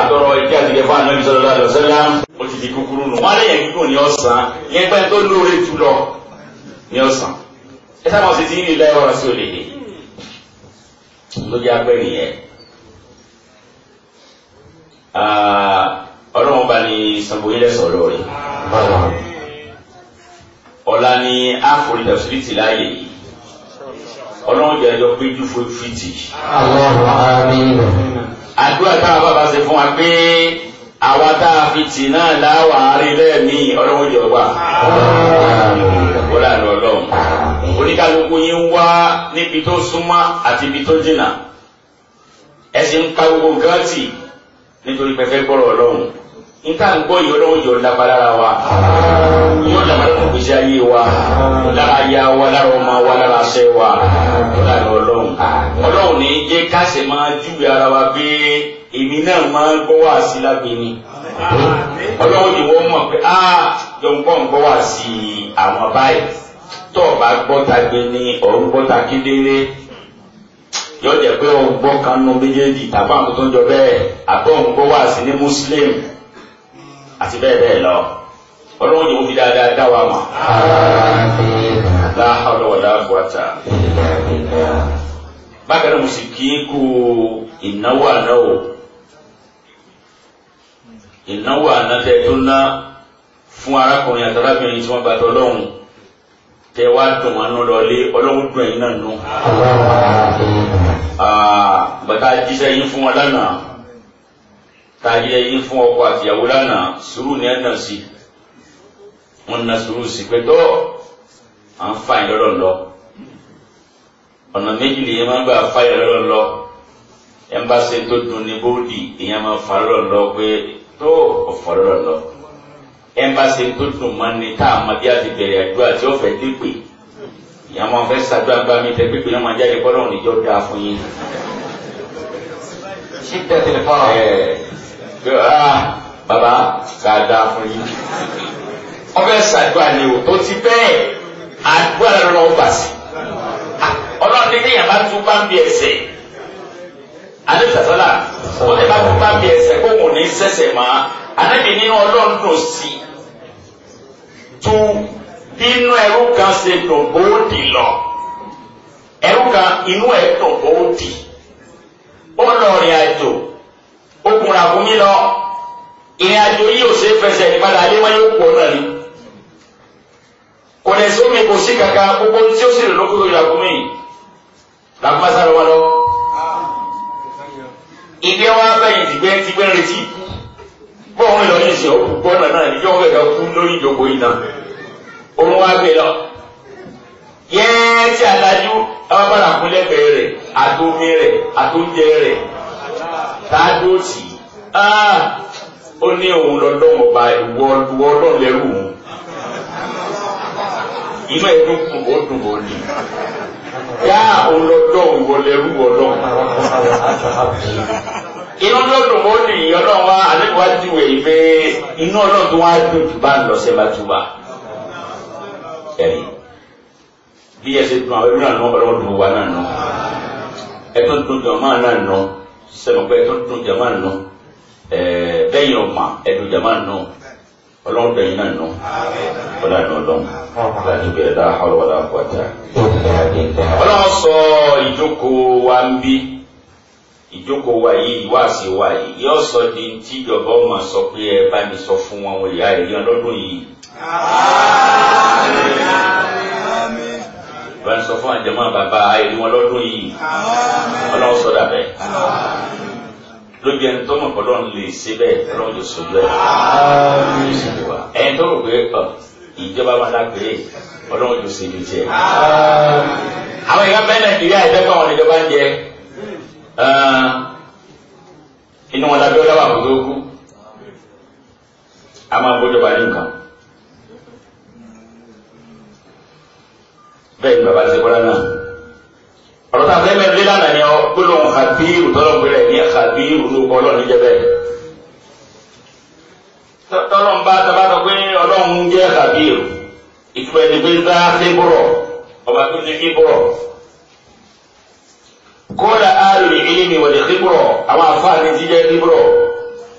àtọrọ ìdí àti ìdẹ́fà náà bísọ̀ lọ́dọ̀ àdọ̀sẹ́lá ó ti di kúkúrú nù wọ́n lẹ́yìn kíkó ní ọ̀sán yẹn pẹ́ tó lóore jù lọ ní ọ̀sán ẹ sábà ṣe ti ń lè lẹ́wọ̀ sí olè yìí lójú apẹ́ nìyẹn ah, ọlọ́run bá ní sanbóyé lẹ́sọ̀ lórí ọ̀la ni àforíjà síríìtì láàyè yìí ọlọ́run jẹ́ ẹjọ́ péjú fún fìtì. àwọn àmì rẹ̀ àdúrà táwọn bàbá ṣe fún wa pé àwa tá a fi tì náà láwà rí lẹ́ẹ̀mí ọlọ́run yọ̀ wá ọlọ́run ọlọ́run oníkálukú yín wá níbi tó súnmọ́ àti ibi tó jìnnà ẹ ń ka gbogbo nǹkan nítorí pẹ̀fẹ́ gbọ́rọ̀ ọlọ́run nka n gbọ́ yọrọ o yọrọ labalara wa yọrọ labalara o gbèsè ayé wa lára ya wa lára ọmọ wa lára ṣẹ wa lọ́la ní ọlọ́run ọlọ́run ní jẹ́ ká ṣe máa júwe ara wa pé èmi náà máa gbọ́ wá sí lágbèéni ọlọ́run ni wọ́n mọ̀ pé aa jọ̀ǹkọ́ ń gbọ́ wá sí àwọn báyìí tó o bá gbọ́ ta gbé ní ọ̀run gbọ́ kedere yọ̀ọ́ jẹ́ pé ọ̀gbọ́n kan nu méjèèjì tàbí àwọn tó ń jọ bẹ́ẹ̀ àbọ̀ ń gbọ́ wá sí àti bẹ́ẹ̀ bẹ́ẹ̀ lọ ọlọ́run yìí wọ́n fi dáadáa dá wa mọ̀ láhàlọ́ wọ̀lá àbúrátà bákan náà mo sì kí kú ìnáwó ànáwó ìnáwó ànátẹ tó ná fún arákùnrin àti arábìnrin tí wọ́n bá tọ́ lọ́hùn tẹ wá dùn wọn lọlé ọlọ́run dùn ẹ̀yìn náà nù. Ah, bàtà jíṣẹ́ yín fún wọn lánàá tààyè yín fún ọkọ àtìyàwó lánàá sùúrù ní ẹ̀dàn sí wọn na sùúrù sí pé tọ́ à ń fa ìlọ́rọ̀ lọ ọ̀nà méjì nìyẹn máa ń gbà fa ìlọ́rọ̀ lọ ẹ̀ ń bá ṣe tó dùn ní bóòdì ìyẹn máa fa lọ́rọ̀ lọ pé tó ọ̀fọ̀ lọ́rọ̀ lọ ẹ̀ tó dùn máa ní tá a máa bí a ti bẹ̀rẹ̀ àdúrà tí ó fẹ́ ìyẹn máa fẹ́ ṣàdúrà gbá mi tẹ́ pípé náà máa jáde kọ́ lọ́rùn níjọ́ dáa fún yín. ṣé tẹ̀sílẹ̀ fáwọn. Ah, bàbá dáadáa fún yín ọbẹ̀ ṣàdúrà ni o tó ti bẹ́ẹ̀ àdúrà lọ́wọ́ bà sí ọlọ́run ní kéèyàn bá tún bá ń bí ẹsẹ̀ alẹ́ sàtọ́là wọ́n lè bá tún bá ń bí ẹsẹ̀ kó wọn ò ní sẹ̀sẹ̀ mọ́ anábì nínú ọlọ́run dùn sí tu bínú ẹrú kan ṣe dùn bóódì lọ ẹrú kan inú ẹ̀ dùn bóódì ó lọ rìn àjò ó kun ràkúnmí lọ ìrìn àjò yìí ò ṣe é fẹsẹ̀ ìpadà alẹ́ wọn yóò pọ̀ náà ni kò lè sómi kò sí kankan gbogbo tí ó sì lè lókè lórí ràkúnmí ràkúnmá sáré wọn lọ ìgbẹ́ wọn fẹ̀yìn tìgbẹ́ tìgbẹ́ retí bọ́ọ̀ ń lọ ní ìsìn òkú gbọ́nà náà níjọ́ wọn fẹ̀ka kú lórí ìjókòó yìí náà òun wá gbé lọ yẹ́ẹ́ tí adájú ọmọ bá ràkúnlẹ̀ bẹ̀rẹ̀ àtòmí rẹ̀ àtòúnjẹ rẹ̀ tá a dúró tì í ah, ó ní òun lọ́lọ́wọ́ ba ìwọ ìwọ ọlọ́lẹ́rù òun inú ẹ̀ dùn kùn ó dùn ó ní yá òun lọ́lọ́wọ́ ìwọ lẹ́rù ọlọ́wọ́ inú lọ́dún ó ní ọlọ́run wa àlẹ́kọ̀ọ́ àdìwẹ̀ ìfẹ́ inú ọlọ́run tó wá dùn jù bá ń lọ sẹ́bàtúbà bí ẹ ṣe dùn àwọn ẹ̀rú náà lọ́wọ́ wa náà nù ẹ̀ tó dùn jọ̀ọ́ máa náà nù sẹ́mọ̀pẹ́ tó dùn jama nù ẹ̀ẹ́ bẹ́yìn ọ̀gbọ̀n ẹ̀dùn jama nù ọlọ́run bẹ̀yìn náà nù ọlá nù ọlọ́run láti bẹ̀rẹ̀ dá ọlọ́ wọlé àkọ́jà. sọ ìjókòó wa ń bí ìjókòó wa yìí ìwáàsí wa yìí yóò sọ di tí ìjọba ọmọ sọ pé ẹ bá mi sọ fún wọn ìyá ìyá lọ́dún yìí. àmín bá ń sọ fún àjẹmọ́ bàbá ẹni wọn lọ́dún yìí ọlọ́run sọ̀dà bẹ́ẹ̀ lóbi ẹni tó mọ̀ pé ọlọ́run lè ṣe bẹ́ẹ̀ ọlọ́run yóò sọ bẹ́ẹ̀ ẹni tó rò pé ìjọba máa dá pé ọlọ́run yóò ṣe ìdíje. àwọn ìyá bẹ́ẹ̀ nàìjíríà ìdẹ́gbà wọn ìjọba ń jẹ inú wọn lábẹ́ ọlọ́wà kó tó kú a máa gbọ́dọ̀ bá ní nǹkan. bẹ́ẹ̀ ni bàbá ti kọ́lá náà ọ̀rọ̀ tá a fẹ́ mẹ́rin lánàá ni ọ gbólóhùn xabiru tọ́lọ́gbẹ̀rẹ̀ ní xabiru ní ọkọ ọlọ́run jẹ́ bẹ́ẹ̀ tọ́lọ́n bá tabatọ̀ pé ọlọ́run jẹ́ xabiru ìtura ẹni pé dá sí bọ̀rọ̀ ọba tó ti kí bọ̀rọ̀ kódà alùlù ìlímì wọ̀lẹ̀ kí bọ̀rọ̀ àwọn afáàní ti jẹ́ kí bọ̀rọ̀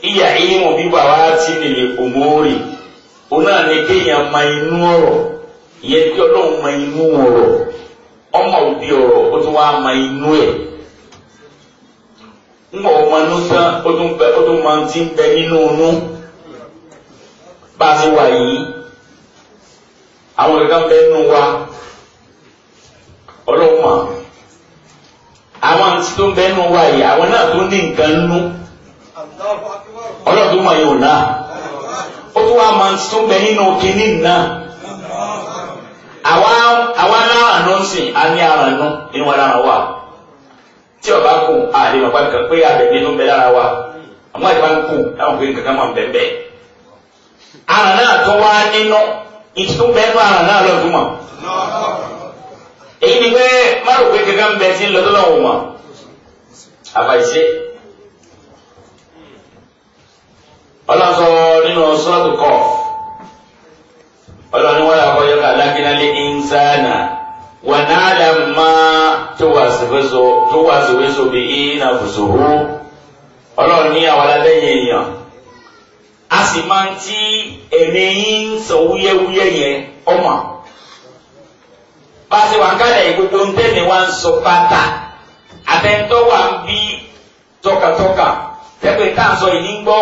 ìyà ìlímù bíbọ̀ àwọn àti ìlẹ̀ òmóòrì òun ìyẹn tí ọlọ́run ma inú ọ̀rọ̀ ọmọ òbí ọ̀rọ̀ ó tún wá inú ẹ̀ ń wọ̀ inú bẹ tún ti bẹ nínú inú bá a ti wà yìí àwọn kankan bẹ nínú wa ọlọ́run àwọn tó bẹ wa yìí àwọn náà tó ní nǹkan nínú ọlọ́run tó náà tún wá tó ń bẹ nínú àwa àwa aláàánú ń sìn á ní aráàánú inú wa lára wa tí ọba kù àlè bàbá kan pé abẹ̀bí ló ń bẹ lára wa àmọ́ ìbá ń kù táwọn pé nǹkan kan máa ń bẹ̀ bẹ́ẹ̀. ara náà tó wá nínú ìtútù bẹ́ẹ̀ nú ara náà lọ́dún mọ̀. èyí ni pé má rò pé kankan bẹ sí lọ́dún lọ́wọ́ mọ̀ àbàṣe. ọlọ́sọ nínú sọ́ọ̀tù kọ́ọ̀fù ọlọ́ni wọn làkọ́ yọ ká lákínálé ìnsánà wọn náà lè má tó wà síwéso bí iná fòsòwò ọlọ́ni àwọn alábẹ́yẹ èèyàn a sì máa ń tí ẹ̀mí yín ń sọ wúyẹ́wúyẹ́ yẹn ọmọ bá a ṣe wà ń kálẹ̀ ìgbogbo ń tẹ̀lé wá ń sọ pátá àtẹ̀ntọ́ wà ń bí tọkàtọkà tẹ́pẹ́ tá sọ yìí ń gbọ́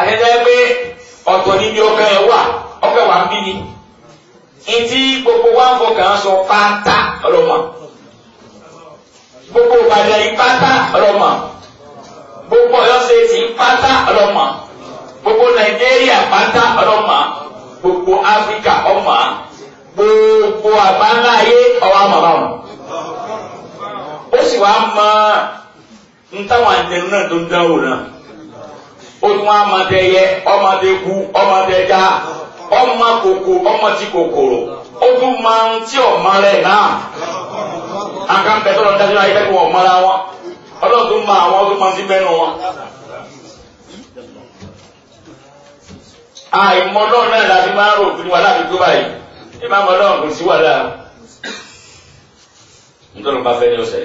àtẹ̀tẹ́ pé ọ̀tọ̀ níbi ọkàn ẹ̀ wà ọkàn wà ń bí ni etí gbogbo wa ń fọkàn sọ pátá ọlọ́mọ gbogbo ìbàdàn yìí pátá ọlọ́mọ gbogbo Ọ̀yọ́ ṣèṣì pátá ọlọ́mọ gbogbo Nàìjíríà pátá ọlọ́mọ gbogbo Áfíríkà ọmọ gbogbo àgbáńlá ayé ọwọ́ àmàlà wọn ó sì wá mọ ntáwọn àjẹnu náà tó ń dáwò náà ó tún wá mọdé yẹ ọmọdé ku ọmọdé já. Ọma kòkò ti kòkòrò ó máa ń tí ọmọ rẹ̀ náà akáǹpẹ̀tọ́ lọ dájú ayé kẹ́kọ̀ọ́ ọmọ ara wọn ọlọ́run máa wọn tó máa ti wọn. àìmọ̀ náà náà láti máa ń rò fún wa láti tó báyìí ìmọ̀ àmọ́ náà kò sí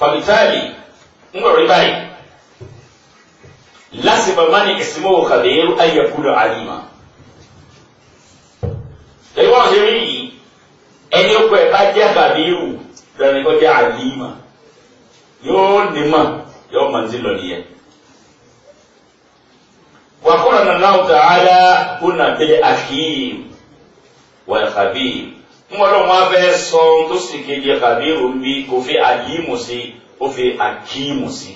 fàbítàlì ń gbọ̀rọ̀ báyìí lásìkò má ní ìsinmi wò kàbẹ́rù ayẹkùlọ̀ àlìmọ̀ lẹ́yìn wọn ṣe rí yìí ẹni ó pẹ́ bá jẹ́ kàbẹ́rù lẹ́nu kọjá àlìmọ̀ yóò ní mọ̀ yóò mọ̀ ní lọ nìyẹn. وقرن الله تعالى كنا بالأكيم والخبير ńgbọ́dọ̀wọ́n abẹ́ sọ ohun tó sì kejì kàbírù bí kò fi àlímù sí ó fi àkímù sí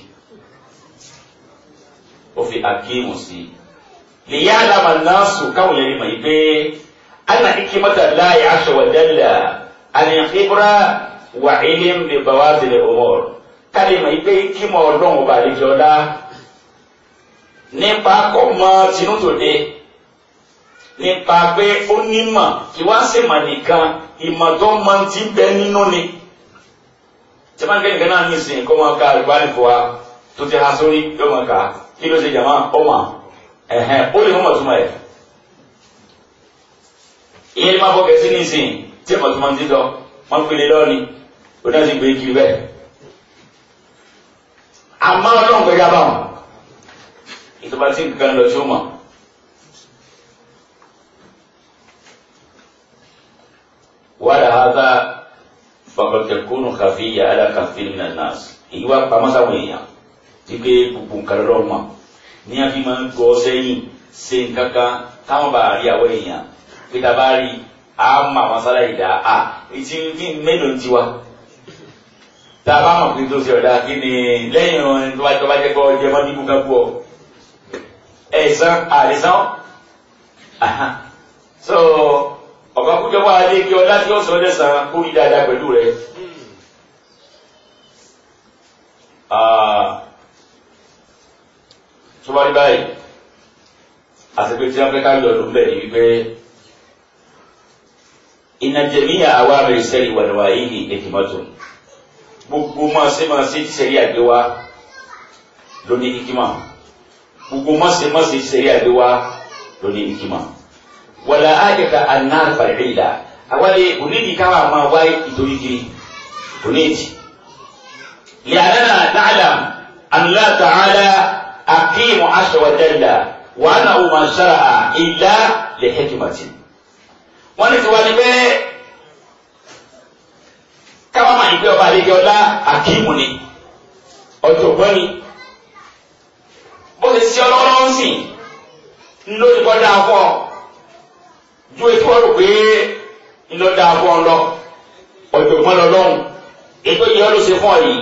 ó fi àkímù sí. lèyà àlàmà náà sùn káwọn yẹn mọ̀ yìí pé ana ikimata láàyè aṣọ wà dẹ́lẹ̀ àní ibra wà ilim bí bàwá tilẹ̀ ọmọr káde mọ̀ yìí pé ikimọ̀ ọlọ́run ọba àlejò ọ̀la nípa kọ́ mọ́ tinútòde nípa pé ó nímọ̀ kí wá sí ìmọ̀ nìkan ìmọ̀ tó mọ ti bẹ nínú ni. jama kẹ́ni kan náà ní ìsìn kó máa ka àlùbáàlì fún wa tó ti ha sórí yóò máa kà á kí ló ṣe jàmá ọmọ ẹ̀hẹ́n ó lè mọ̀ ẹ̀. ìyẹn máa bọ̀ kẹ́sí ní ìsìn tí ìmọ̀ tó ti sọ wọ́n pèlè lọ́ọ̀ni ó náà sì gbé kiri bẹ́ẹ̀. àmọ́ ọlọ́run gbẹ́gà báwọn ìtọ́ba tí nǹkan lọ sí ó wàhálà hàdá pàpàtẹkùnù kàfíyà alákàfíì nà nàásì èyí wá pamọ́ sáwọn èèyàn ti pé gbogbo nǹkan lọ́wọ́ mọ̀ ní a fi máa ń gbọ́ sẹ́yìn ṣe nǹkan kan táwọn bá rí àwọn èèyàn pé ta bá rí a mọ àwọn sára ìdá a ti fi mélòó ti wá so ọ̀gá kújọ wá alé kí ọlá tí ó sọ lẹ́sàn kó rí dáadáa pẹ̀lú rẹ̀. tó bá rí báyìí àtẹ̀pẹ́ tí wọ́n fẹ́ ká lọ ló bẹ̀ ní wípé ìnàjẹ̀míyà àwa rẹ̀ sẹ́yìn wàlúwà yìí ní ètìmọ́tò gbogbo máa ṣe máa ṣe sẹ́yìn àgbéwá lóní kíkímà gbogbo máa ṣe máa ṣe sẹ́yìn àgbéwá lóní kíkímà wàlà àjẹkà àná fàlẹ́ ìlà àwálé onídìí káwá máa wáyé ìtòrí kiri onídìí. لأننا نعلم أن الله تعالى أقيم عز وجل وأنه ما شرع إلا لحكمة wọ́n ní tiwa ni pé káwá máa ń gbé ọba àlejò ọlá àkíìmù ni ọ̀jọ̀gbọ́n ni bó ti ṣe ọlọ́wọ́ ń sìn lórí bọ́dá fún ju etí wọn rò pé ńlọdà fún ọ lọ ọ̀jọ̀gbọ́n lọ lọ́hùn ètò ìyá ló ṣe fún ọ yìí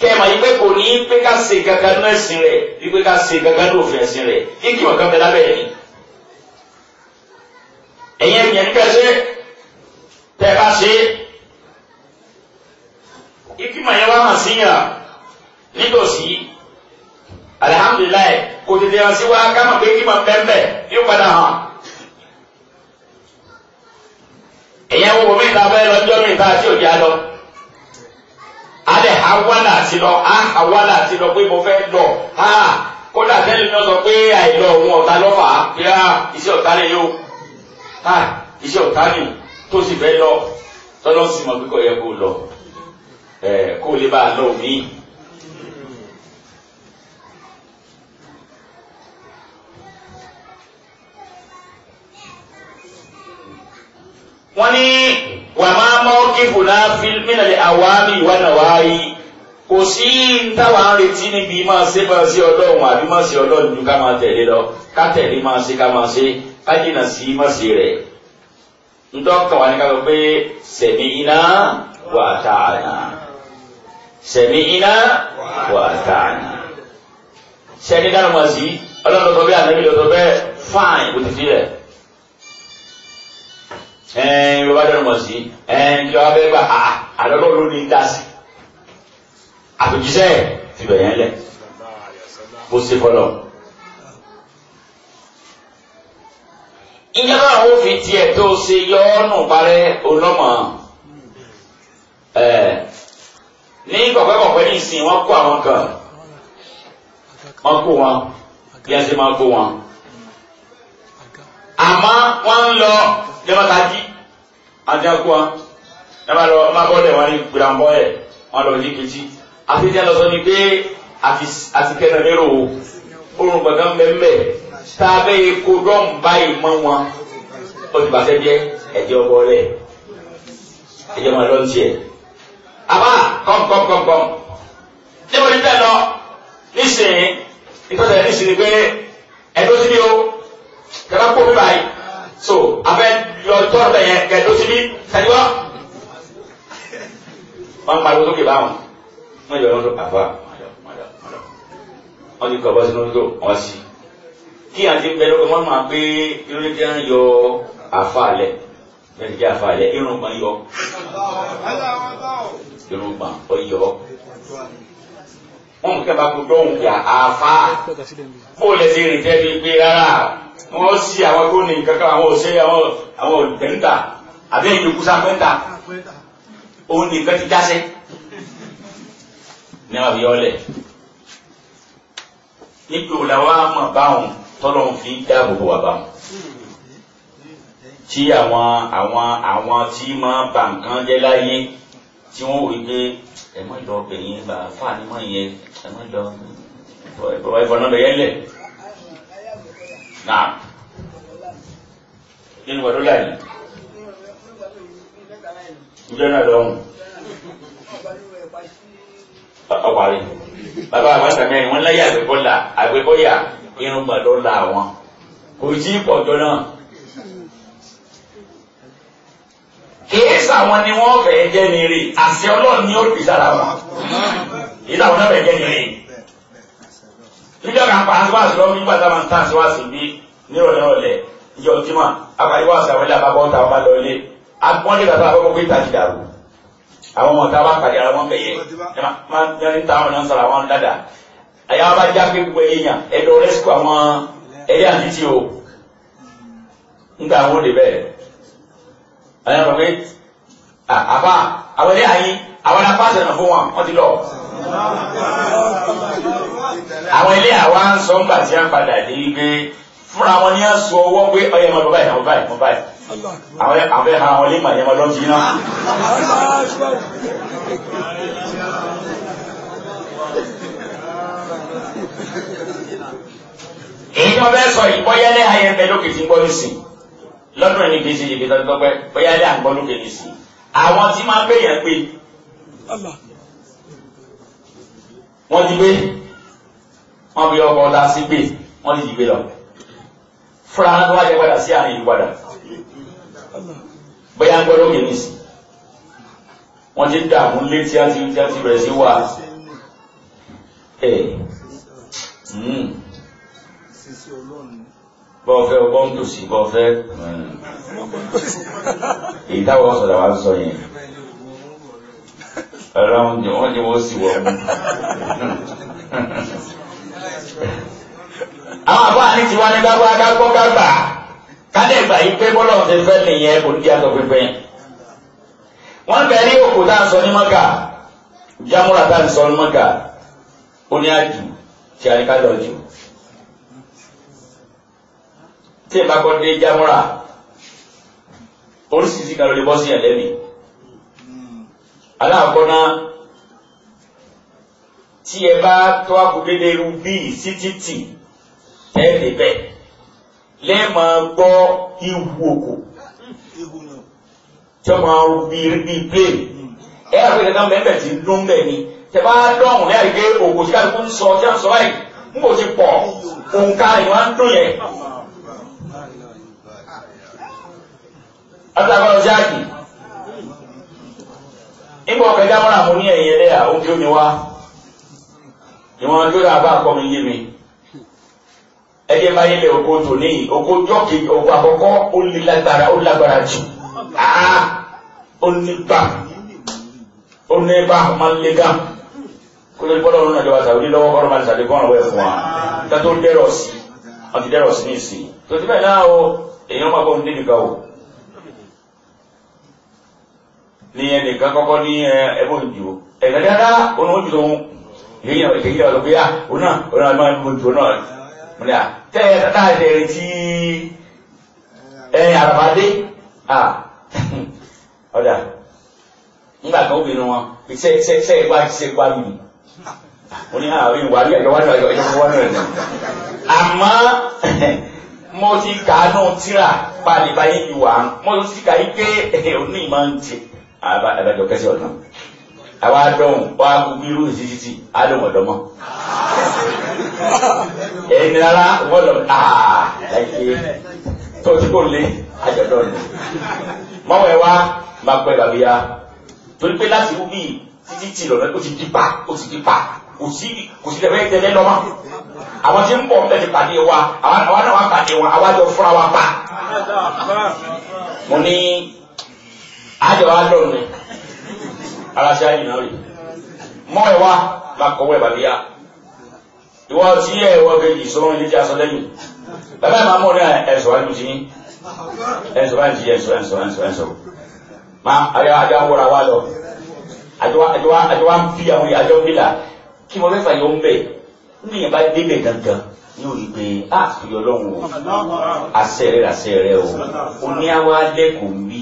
kẹ́ẹ̀mà yìí pé kò ní í pé ká ṣe gangan ní ẹ̀sìn rẹ̀ yìí pé ká ṣe gangan ní òfin ẹ̀sìn rẹ̀ kí kí wọn kàn bẹ lábẹ́ yẹn. ẹ̀yin ẹ̀yìn ẹ̀yìn kẹ́ ṣe tẹ́ ẹ bá ṣe ikí mà yẹn wá hàn sí yàn nítòsí alihamudulilayi kò tètè hàn sí wa ká mà pé kí mà bẹ́ẹ̀ bẹ́ẹ̀ yóò padà hàn. ẹ̀yẹ́ wo mi ta fẹ́ lọ jọ́ mi ta sí òjá lọ alẹ́ hawala ti lọ a hawala ti lọ pé mo fẹ́ lọ a kódà tẹ́lẹ̀ mi sọ pé àìlọ òun ọ̀tá lọ́fà pé a iṣẹ́ ọ̀tá lè yó a iṣẹ́ ọ̀tá nì tó sì fẹ́ lọ tọ́lọ́sì mọ̀ pé kò yẹ kó lọ ẹ̀ kó lè bá a lọ mí. wọ́n ní wà máa mọ́ kíkù náà fílmìnà lè àwámi ìwádà wáyé kò sí táwọn ń retí níbi máa ṣe máa ṣe ọlọ́run àbí máa ṣe ọlọ́run ju ká máa tẹ̀lé lọ ká tẹ̀lé máa ṣe ká máa ṣe ká jìnnà sí máa ṣe rẹ̀ ntọ́ka wà ní ká lọ pé sẹ̀mí iná wà tá a nà sẹ̀mí iná wà tá a nà sẹ́ni dáná máa sí ọlọ́run lọ́tọ́ bẹ́ẹ̀ àná mi lọ́tọ́ bẹ́ẹ̀ fáìn kò ti fi rẹ̀ yorùbá dẹnu mọ̀ sí ẹn kí wọ́n bẹ gbà á àlọ́lọ́ ló ní dá sí àtòjíṣẹ́ ti bẹ̀ yẹn lẹ̀ bó ṣe fọlọ́. ìjọba àwọn òfin tiẹ̀ tó ṣe yọ ọ́nù parẹ́ onámọ̀ ní kọ̀pẹ́kọ̀pẹ́ ní ìsìn wọ́n kó àwọn kan wọ́n kó wọn bí wọ́n ṣe máa kó wọn àmọ́ wọ́n ń lọ lẹ́wọ́n ta jí ajakuwa ẹ̀ma lọ ọmọ abọ́lẹ̀ wọn ni gbìlànbọ́ ẹ̀ wọn lọ yí kejì àti tí a lọ sọ ni pé àti kẹ́nà lérò o orun gbọ̀ngàn mẹ́mẹ́ tá a bẹ́ẹ̀ kó dọ́m báyìí mọ́ wọn ó ti bàtẹ́ jẹ́ ẹ̀jẹ̀ ọbọ̀ rẹ̀ ẹ̀jẹ̀ wọn lọ ń tiẹ̀. àbá kọ́m kọ́m kọ́m kọ́m níbo ni bẹ́ẹ̀ lọ nísìnyí ìtọ́jà nísìnyí pé ẹ̀dọ́ sí o kẹ́lá kó mi báyìí so abẹ yọ tọrọ bẹ yẹn kẹ lọ síbi sẹniwọ wọn pariwo sókè báwọn wọn yọ lọdọ àfa wọn ti kọ bọ sínú lọdọ wọn sí kí àti bẹ lọkọ wọn máa gbé irun jẹ ń yọ àfa lẹ bẹ́ẹ̀ jẹ àfa lẹ irun yọ irun yọ wọn kẹ bá gbọdọ òun kí àfa kó lẹsẹ ìrìn tẹbi gbé rárá wọ́n sí àwọn tó ní nǹkan kan àwọn òṣè àwọn àwọn òdìtẹ̀ńtà àbí ẹ̀yìn òkúsá pẹ́ńtà òun nìkan ti dáṣẹ́ ní àwọn àbíyọ́lẹ̀ níbi òun làwọn àmọ̀ báwọn tọ́lọ̀ fi dáàbò bò wà báwọn tí àwọn àwọn àwọn tí máa bà nǹkan jẹ́ láyé tí wọ́n wí pé ẹ má lọ bẹ̀yìn bàá fáà ní mọ̀ yẹn ẹ má lọ lẹ̀. Naam. Kí ni wọ́n lọ́la yìí? Ǹjẹ́ náà lọ́hùn? Ọ̀parí. Bàbá àbáṣà mẹ́rin wọ́n láyé àgbẹ̀kọ́là àgbẹ̀kọ́yà irun gbà lọ́la wọn. Kò sí ìpọ̀jọ́ náà. Kìí sàwọn ni wọ́n fẹ́ jẹ́ nìrì, àṣẹ Ọlọ́run ni ó bì sára wọn. Ìlànà fẹ́ jẹ́ nìrì níjọ́ kan pa àti wáàsí lọ́wọ́ nígbà táwọn tán sí wáàsí bí ní ọ̀lẹ́ ọ̀lẹ́ ìjọ jímọ̀ apàdé wáàsí àwọn ilé àbábọ̀ ọ̀tá ọba lọ ilé agbọ́n lè bàtà àbọ̀kọ̀ pé ìtàjì dàrú àwọn ọmọ tá a bá pàdé ara wọn bẹ̀yẹ máa ń ní táwọn náà ń sọ̀rọ̀ àwọn dáadáa àyà wọn bá já pé gbogbo èèyàn ẹ̀dọ̀ rẹ́síkù àwọn ẹ̀yà títí o nígbà àwọn òde bẹ́ẹ̀ àyà wọn pé àbá àwọn ilé àyín àwọn apá àtẹnà fún wọn wọn ti lọ àwọn ilé àwa ń sọ ńgbà tí a padà dé gbé fúnra wọn ní a sọ ọwọ́ pé ọyẹ mọ bàbá ìyàwó báyìí mọ báyìí àwọn àbẹ ha wọn lè mà yẹn mọ lọ́jì iná. èyí tó bẹ́ẹ̀ sọ ìbọ́yálé ayé ń bẹ lókè tí ń gbọ́ nísìn lọ́dún ẹni kìí ṣe yèké tó tọ́pẹ́ bọ́yálé à ń gbọ́ lókè nísìn àwọn tí máa ń pè yẹn pé wọ́n ti gbé wọ́n fi ọkọ̀ ọ̀la sí gbé wọ́n ti dìgbé lọ fúra wọn tó wájú padà sí àárín ìlú padà bóyá ń gbọ́dọ̀ yẹn nìsí wọ́n ti dààmú lé tí a ti tí a ti rẹ̀ sí wà ẹ̀ bọ́ọ̀fẹ́ bọ́ǹdòsí bọ́ọ̀fẹ́ èyí táwọn sọ̀rọ̀ wá ń sọ yẹn ẹ̀rọ àwọn jẹ̀wọ́n jẹ̀wọ́ sì wọ̀ ọ́n àwọn àbọ̀ àní tiwa ní kágbá kágbọ́ kágbà kálẹ̀ gbà yí pé bọ́lá ọ̀sẹ̀ fẹ́ nìyẹn kò ní di àtọ̀ pípẹ́ yẹn. wọ́n bẹ̀ ní òkú tá à ń sọ ní mọ́kà jámúra tá à sọ ní mọ́kà ó ní àjù tí a ní ká lọ jù. tí ì bá kọ́ dé jámúra oríṣiríṣi kan ló lè bọ́ sí ẹ̀lẹ́mì. aláàkọ́ náà tí ẹ bá tó àgùdé lérú bíi sí títì ẹ débẹ̀ lẹ́ẹ̀mọ̀ gbọ́ iwu òkò tí ọmọ bíi bíi plane ẹ àgbẹ̀dẹ̀ náà mẹ́mẹ́ ti dún bẹ́ẹ̀ ni tẹ̀ bá dọ̀hùn ní àyíké òkò tí káàkiri ń sọ tí a ń sọ báyìí n kò ti pọ̀ òǹkà ìwà ń dùn yẹn. Àtàkùn ọ̀sẹ̀ àjì. Ìgbà ọ̀kẹ́jà mọ́ra mo ní ẹ̀yẹ lẹ́yà ó bí omi wá ìwọ̀n lórí abá àkọ́mi yé mi ẹyẹ máa yẹ lẹ oko tó ní oko jọ́kì oko àkọ́kọ́ ó lè lágbára ó lágbára jù ó ní bá ó ní bá máa ń lé gá kó lè gbọ́dọ̀ nínú ìjọba tàbí lọ́wọ́ ọ̀rọ̀ máa ń tàbí kọ́ ọ̀rọ̀ ẹ̀ fún wa ká tó dẹ́rọ̀ sí wọn ti dẹ́rọ̀ sí ní tó ti bẹ́ẹ̀ náà o èèyàn máa bọ̀ ń ká o ní ẹnìkan kọ́kọ́ ní ẹbọ̀n jù ẹ̀ẹ́dẹ́gbẹ́dá èyí ọ̀rọ̀ èyí ọ̀rọ̀ pé à òun náà òun náà máa ń mojú òun náà mo ní à tẹ́ ẹ tata ẹ lẹ́rìí tí ẹ àràbà dé à ọ̀dà ńgbà kan ó bínú wọn pé sẹ́ sẹ́ sẹ́ ẹ wá sẹ́ wá mi mo ní àwọn ìwà rí ẹ̀yọ́ wájú ẹ̀yọ́ ẹ̀yọ́ wájú ẹ̀yọ́ àmọ́ mo ti kàánú tíra palẹ̀ báyìí mo ti kà í pé òun ní ìmọ̀ ń ti àbájọ kẹsì ọ̀nà àwa dọ̀hùn wa gbogbo irú ìsísítì àdùn ọ̀dọ́mọ́. ẹni rárá wọ́n lọ náà ẹ̀kẹ́ tó tí kò lé àjọ̀dọ̀ ni. mọ́wọ́ ẹ wá máa pẹ́ ya torí pé láti wú bíi títí tì lọ́nà ó ti di pa ó ti di pa kò sí kò sí lẹ́fẹ̀ẹ́ tẹ́lẹ̀ lọ́mọ́. àwọn tí ń bọ̀ bẹ́ẹ̀ ti pàdé wa àwa náà wá pàdé wa àwa jọ fúnra wa pa. mo ní àjọ wa lọ́nà aláṣẹ àyìn náà rè mọ́ ẹ̀ wá máa kọ́wọ́ ẹ̀ bàbíyà ìwọ tí ẹ̀ wọ́n kejì sọ́run ilé tí a sọ lẹ́yìn bàbá ẹ̀ máa mọ̀ ní ẹ̀sọ̀ wájú ti ní ẹ̀sọ̀ wájú ti ẹ̀sọ̀ ẹ̀sọ̀ ẹ̀sọ̀ ẹ̀sọ̀ máa àyà àjọ àwòrán wa lọ àjọ wa ń fi àwọn àjọ ń bìlà kí wọ́n fẹ́ fàyọ̀ ń bẹ̀ ní ìyẹn bá débẹ̀ gangan ní orí pé a fi ọlọ́run o àṣẹrẹ àṣẹrẹ o oní àwa lẹ́kọ̀ọ́ ń bí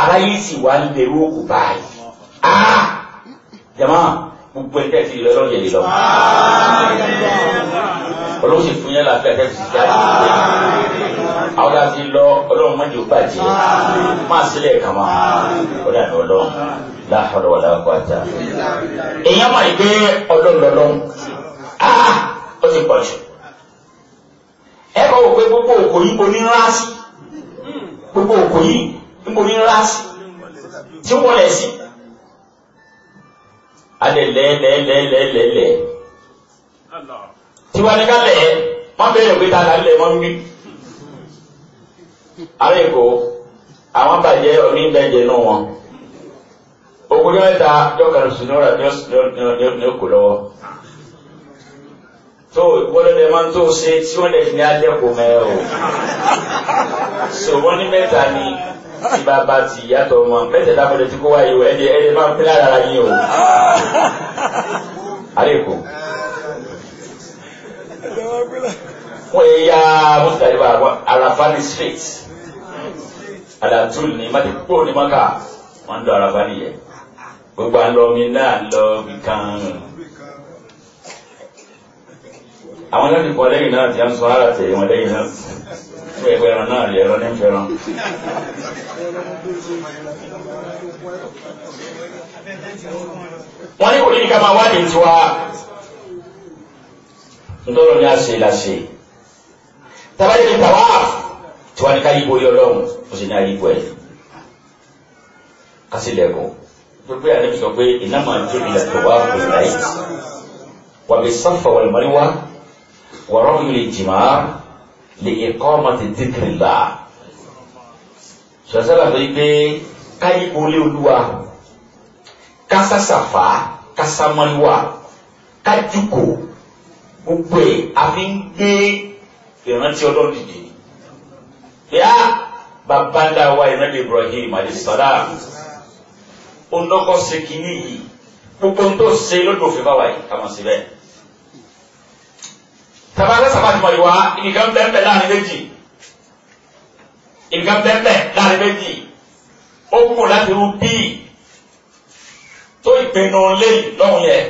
aráyé sì wá ń bẹ̀rù òkú báyìí jama gbogbo ẹ̀tẹ́ ti lọ lọ́yẹ̀ lọ ọlọ́run sì fún yẹn láfíà tẹ́ ti dá àwọn láti lọ ọlọ́run má jò bàjẹ́ máa sílẹ̀ kàmá ọ̀dà ní ọlọ́run láhàrọ̀ wà láàbọ̀ àjà èèyàn máa gbé ọlọ́run lọ́lọ́run ah, ó ti pọ̀ jù ẹ kọ́ wò pé gbogbo òkò yìí kò ní ńlá sí gbogbo òkò yìí kò ní ńlá sí tí wọ́n lẹ̀ sí. A lẹ́ẹ̀lẹ́ẹ̀lẹ́ẹ̀lẹ́ tí wọ́n ká lẹ wọ́n bẹ̀rẹ̀ pé ta lálẹ́ wọ́n wí. ará èkó àwọn bàjẹ́ onídẹ̀jẹ̀ náà wọn ogun yóò ta yóò kàn rà ní òkú lọ́wọ́ tó máa ń tó ṣe ní kò o so wọ́n ní ni. tí bàbá ti yàtọ̀ ọmọ mẹ́tẹ̀ dábọ̀dẹ̀ tí kó wáyé ẹni ẹni máa ń pín lára yín o. àríkò. wọ́n yẹ ya mọ́tàlẹ́ bá àràfà ní street àdàtúl ni mọ́tẹ́ kó ní mọ́kà wọ́n ń lọ àràfà nìyẹn gbogbo àlọ́ mi náà lọ bìkan àwọn yóò ti kọ lẹ́yìn náà tí a ń sọ ara tẹ̀ wọn lẹ́yìn náà fún ẹgbẹ́ ẹran náà lè ẹ̀rọ ní fẹ́ràn. wọ́n ní kò ní ká máa wádìí tiwa nítorí ní àṣẹ ìlàṣẹ tàbí ní tàwa tiwa ní ká yípo yọ lọ́hùn ó sì ní àyípo ẹ̀ ká sì lẹ́kọ̀ọ́ gbogbo àdébí sọ pé ìnáwó àti ìlẹ̀ tó wà fún ìlà yìí wàbí sáfà wàlúmọ́lẹ́wà. ورمي الجمار لإقامة ذكر الله sọsẹ́lá tó yí pé káyípo lé olúwa kásásàfà kásámọ́lúwà kájúkò gbogbo ẹ̀ a fi ń gbé ìrántí ọlọ́run dìde bí a ah, bàbá ńlá wa ìrántí Ibrahim alayhisalaam ó lọ́kọ́ ṣe kínní yìí gbogbo ń tó tàbá fẹ́ sàbàtìmọ̀ ìwà nǹkan bẹ́ẹ̀ láàrin méjì nǹkan bẹ́ẹ̀ láàrin méjì ó kù láti rú bíi tó ìpinnu léyìn lọ́hùn yẹn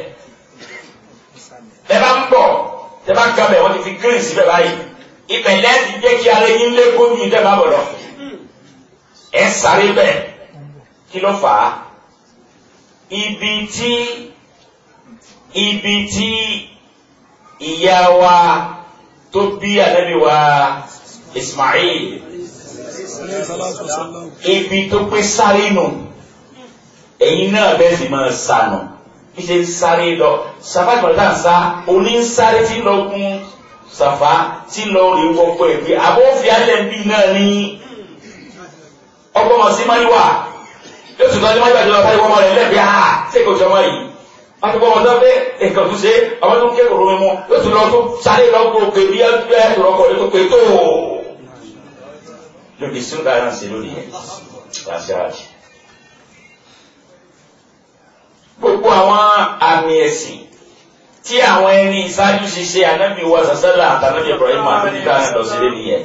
bẹ́ẹ̀ bá ń bọ̀ tẹ́ bá gbàgbẹ́ wọ́n ti fi green síbẹ̀ báyìí ìpẹ̀lẹ́ ti jẹ́ kí ara yín lé gómìn tẹ́ bá bọ̀ lọ sáré bẹ́ẹ̀ kí ló fà á ibi tí ibi tí ìyá wa tó bí ànábì wa Ismail ibi tó pé sáré nù ẹ̀yin náà bẹ́ẹ̀ sì máa sànù bí ṣe ń sáré lọ sàfà ìgbàlódà ń sá oní ń sáré tí ń lọ gun sàfà tí ń lọ rí wọ́pọ̀ ẹ̀ pé àbófin alẹ́ náà ní ọgbọ́n ọ̀sìn máa ń wà yóò tún tọ́jú máa ń gbàdúrà fáwọn ọmọ rẹ̀ lẹ́bi àá ṣé kò yìí àtùkọ́ ọ̀dọ́ pé nǹkan tó ṣe àwọn tó ń kérò omi mu yóò tún lọ tó sáré lọ́gbọ̀ òkè bí ẹgbẹ́ ìrọ̀kọ̀ lè tó pé tó o. lókè sí ọ̀gá náà ṣe lórí yẹn láti àjẹ. gbogbo àwọn àmì ẹ̀sìn tí àwọn ẹni ìṣáájú ṣiṣẹ́ anábì wa sàṣẹ́lá àtànábì Ibrahim àti dáhùn lọ sí lé nìyẹn.